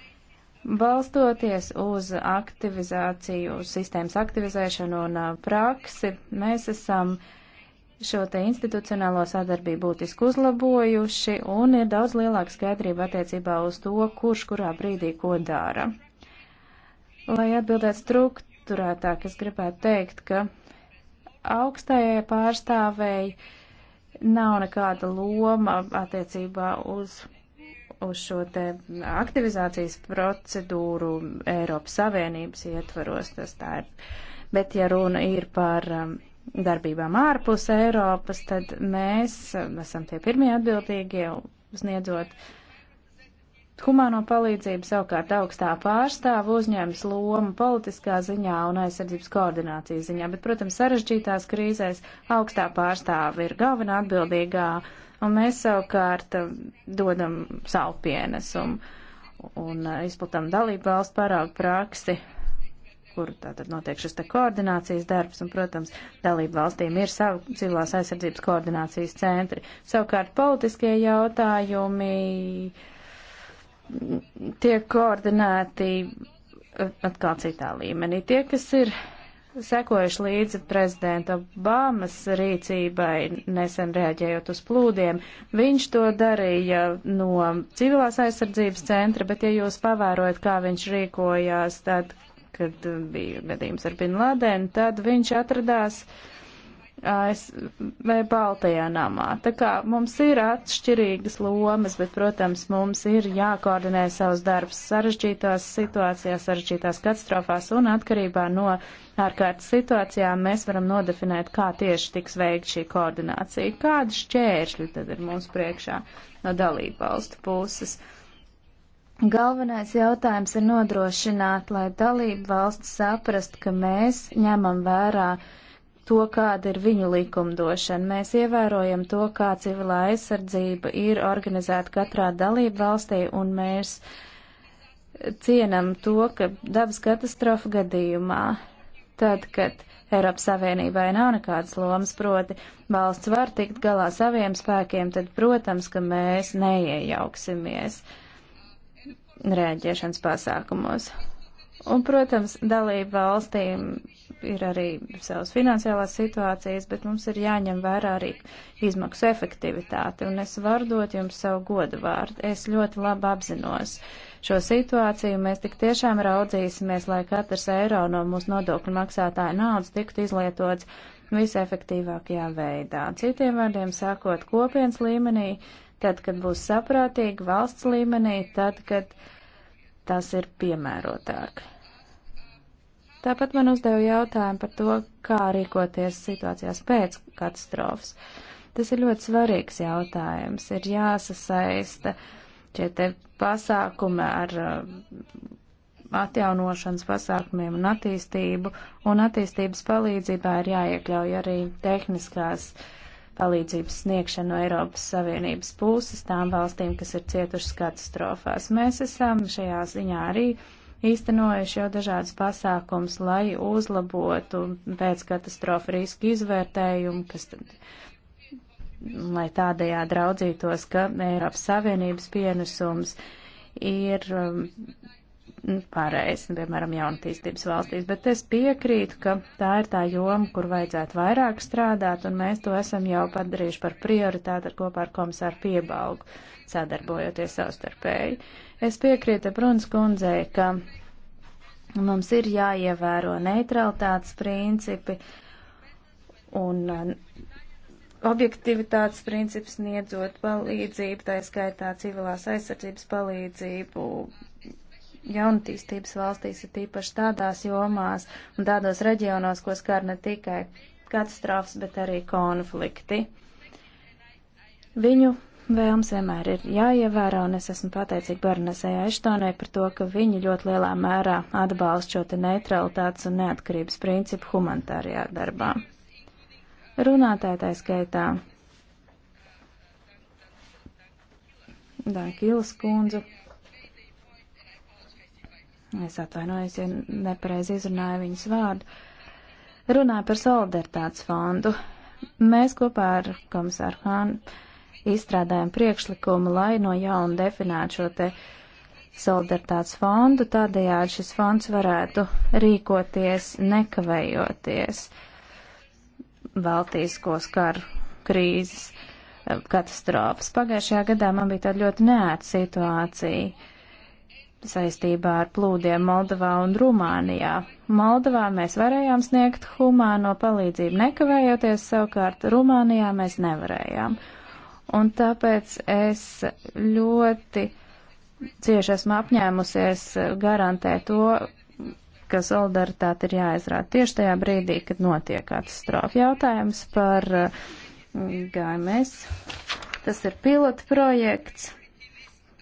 S1: Balstoties uz aktivizāciju, uz sistēmas aktivizēšanu un praksi, mēs esam šo te institucionālo sadarbību būtiski uzlabojuši un ir daudz lielāka skaidrība attiecībā uz to, kurš kurā brīdī ko dara. Lai atbildētu struktūrētāk, es gribētu teikt, ka augstajai pārstāvēji nav nekāda loma attiecībā uz uz šo te aktivizācijas procedūru Eiropas Savienības ietvaros, tas tā ir. Bet ja runa ir par um, darbībām ārpus Eiropas, tad mēs um, esam tie pirmie atbildīgie sniedzot humāno palīdzību, savukārt augstā pārstāva uzņēmas lomu politiskā ziņā un aizsardzības koordinācijas ziņā. Bet, protams, sarežģītās krīzēs augstā pārstāva ir galvenā atbildīgā uh, un mēs savukārt eh, dodam salpienes un, un eh, izplatām dalību valstu pārāgu praksi, kur tātad notiek šis te koordinācijas darbs, un, protams, dalību valstīm ir savu civilās aizsardzības koordinācijas centri. Savukārt politiskie jautājumi tiek koordinēti eh, atkal citā līmenī. Tie, kas ir sekojuši līdzi prezidenta Obamas rīcībai, nesen reaģējot uz plūdiem. Viņš to darīja no civilās aizsardzības centra, bet ja jūs pavērojat, kā viņš rīkojās, tad, kad bija gadījums ar Bin Laden, tad viņš atradās uh, ASV Baltajā namā. Tā kā mums ir atšķirīgas lomas, bet, protams, mums ir jākoordinē savus darbs sarežģītās situācijās, sarežģītās katastrofās un atkarībā no ārkārtas situācijām mēs varam nodefinēt, kā tieši tiks veikt šī koordinācija, kādi šķēršļi tad ir mums priekšā no dalībvalstu puses. Galvenais jautājums ir nodrošināt, lai dalību valsts saprast, ka mēs ņemam vērā uh, to, kāda ir viņu likumdošana. Mēs ievērojam to, kā civilā aizsardzība ir organizēta katrā dalību valstī, un mēs cienam to, ka dabas katastrofa gadījumā, tad, kad Eiropas Savienībai nav nekādas lomas, proti valsts var tikt galā saviem spēkiem, tad, protams, ka mēs neiejauksimies rēģēšanas pasākumos. Un, protams, dalību valstīm ir arī savas finansiālās situācijas, bet mums ir jāņem vērā arī izmaksu efektivitāte. Un es varu dot jums savu godu vārdu. Es ļoti labi apzinos šo situāciju. Mēs tik tiešām raudzīsimies, lai katrs eiro no mūsu nodokļu maksātāja naudas tiktu izlietots visefektīvākajā veidā. Citiem vārdiem sakot, kopienas līmenī, tad, kad būs saprātīgi valsts līmenī, tad, kad tas ir piemērotāk. Tāpat man uzdeva jautājumu par to, kā rīkoties situācijās pēc katastrofas. Tas ir ļoti svarīgs jautājums. Ir jāsasaista šie te pasākumi ar uh, atjaunošanas pasākumiem un attīstību, un attīstības palīdzībā ir jāiekļauj arī tehniskās palīdzības sniegšana no Eiropas Savienības puses tām valstīm, kas ir cietušas katastrofās. Mēs esam šajā ziņā arī īstenojuši jau dažādas pasākums, lai uzlabotu pēc katastrofa riska izvērtējumu, kas tad, lai tādējā draudzītos, ka Eiropas Savienības pienesums ir um, pareizi, nu, piemēram, jaunatīstības valstīs, bet es piekrītu, ka tā ir tā joma, kur vajadzētu vairāk strādāt, un mēs to esam jau padarījuši par prioritāti ar kopā ar komisāru piebalgu, sadarbojoties savstarpēji. Uh, Es piekrītu Bruns kundzei, ka mums ir jāievēro neutralitātes principi un uh, objektivitātes princips sniedzot palīdzību, tā skaitā civilās aizsardzības palīdzību jaunatīstības valstīs ir tīpaši tādās jomās un tādos reģionos, ko skar ne tikai katastrofas, bet arī konflikti. Viņu vēlms vienmēr ir jāievēro, un es esmu pateicīga Barnesai Aštonai par to, ka viņi ļoti lielā mērā atbalsta šo te neutralitātes un neatkarības principu humanitārajā darbā. Runātāja tā skaitā Dankilas kundze. Es atvainojos, ja nepareizi izrunāju viņas vārdu. Runāju par solidaritātes fondu. Mēs kopā ar komisāru Hānu izstrādājam priekšlikumu, lai no jauna definētu šo te solidaritātes fondu, tādējādi šis fonds varētu rīkoties nekavējoties Baltijas karu krīzes eh, katastrofas. Pagājušajā gadā man bija tāda ļoti neēta situācija saistībā ar plūdiem Moldovā un Rumānijā. Moldovā mēs varējām sniegt humāno palīdzību nekavējoties, savukārt Rumānijā mēs nevarējām. Un tāpēc es ļoti cieši esmu apņēmusies garantēt to, ka solidaritāte ir jāizrāda tieši tajā brīdī, kad notiek katastrofa. Jautājums par mm, GMS. Tas ir pilota projekts.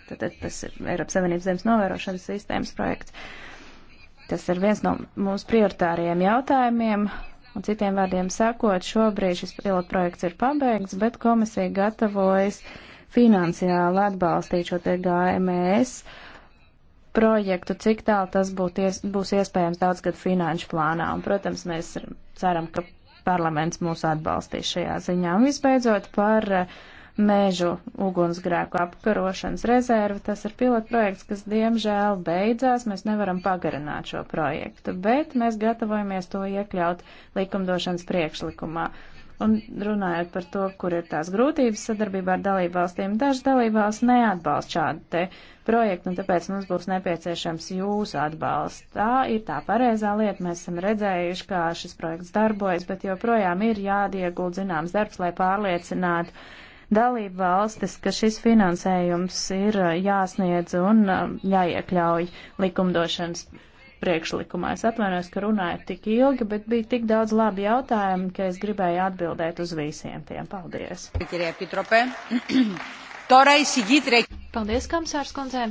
S1: Tātad tas ir Eiropas Savienības zemes novērošanas sistēmas projekts. Tas ir viens no mūsu prioritāriem jautājumiem, Un citiem vārdiem sakot, šobrīd šis pilotprojekts ir pabeigts, bet komisija gatavojas finansiāli atbalstīt šo te GMS projektu, cik tālu tas ies, būs iespējams daudz gadu finanšu plānā. Un, protams, mēs ceram, ka parlaments mūs atbalstīs šajā ziņā. Un visbeidzot par uh, mežu ugunsgrēku apkarošanas rezerve. Tas ir pilotprojekts, kas diemžēl beidzās. Mēs nevaram pagarināt šo projektu, bet mēs gatavojamies to iekļaut likumdošanas priekšlikumā. Un runājot par to, kur ir tās grūtības sadarbībā ar dalībvalstīm, dažas dalībvalsts neatbalst šādu te projektu, un tāpēc mums būs nepieciešams jūsu atbalsts. Tā ir tā pareizā lieta, mēs esam redzējuši, kā šis projekts darbojas, bet joprojām ir jādiegūt zināms darbs, lai pārliecinātu dalību valstis, ka šis finansējums ir uh, jāsniedz un um, jāiekļauj likumdošanas priekšlikumā. Es atvainojos, ka runāju tik ilgi, bet bija tik daudz labi jautājumi, ka es gribēju atbildēt uz visiem tiem. Paldies!
S3: Paldies, Kamsārs kundzē!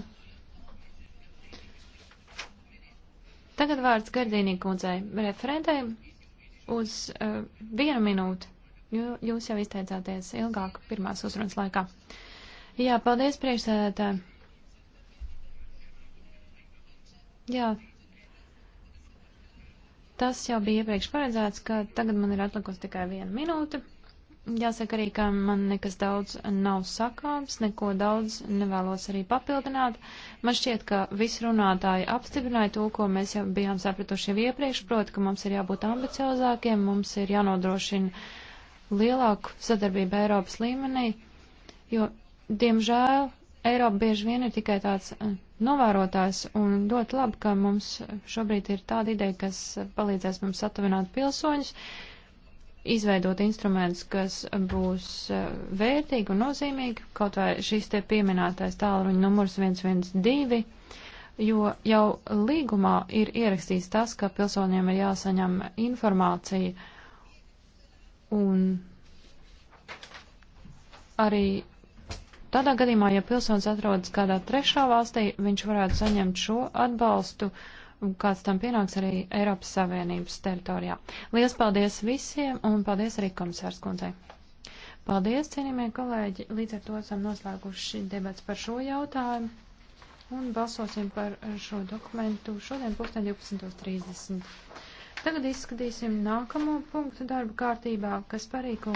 S3: Tagad vārds Gardīnī kundzei, referentei uz uh, vienu minūti. Jūs jau izteicāties ilgāk pirmās uzrunas laikā. Jā, paldies priekšsēdētāji. Jā. Tas jau bija iepriekš paredzēts, ka tagad man ir atlikusi tikai viena minūte. Jāsaka arī, ka man nekas daudz nav sakāms, neko daudz nevēlos arī papildināt. Man šķiet, ka visi runātāji apstiprināja to, ko mēs jau bijām sapratuši jau iepriekš, proti, ka mums ir jābūt ambiciozākiem, mums ir jānodrošina lielāku sadarbību Eiropas līmenī, jo, diemžēl, Eiropa bieži vien ir tikai tāds eh, novērotājs, un ļoti labi, ka mums šobrīd ir tāda ideja, kas palīdzēs mums satavināt pilsoņus, izveidot instrumentus, kas būs eh, vērtīgi un nozīmīgi, kaut vai šis te pieminētais tālruņa numurs 112, jo jau līgumā ir ierakstīts tas, ka pilsoņiem ir jāsaņem informācija Un arī tādā gadījumā, ja pilsonis atrodas kādā trešā valstī, viņš varētu saņemt šo atbalstu, kāds tam pienāks arī Eiropas Savienības teritorijā. Lielas paldies visiem un paldies arī komisārs kundzei. Paldies, cienījamie kolēģi. Līdz ar to esam noslēguši debats par šo jautājumu un balsosim par šo dokumentu šodien 12.30. Tagad izskatīsim nākamo punktu darba kārtībā, kas parīko.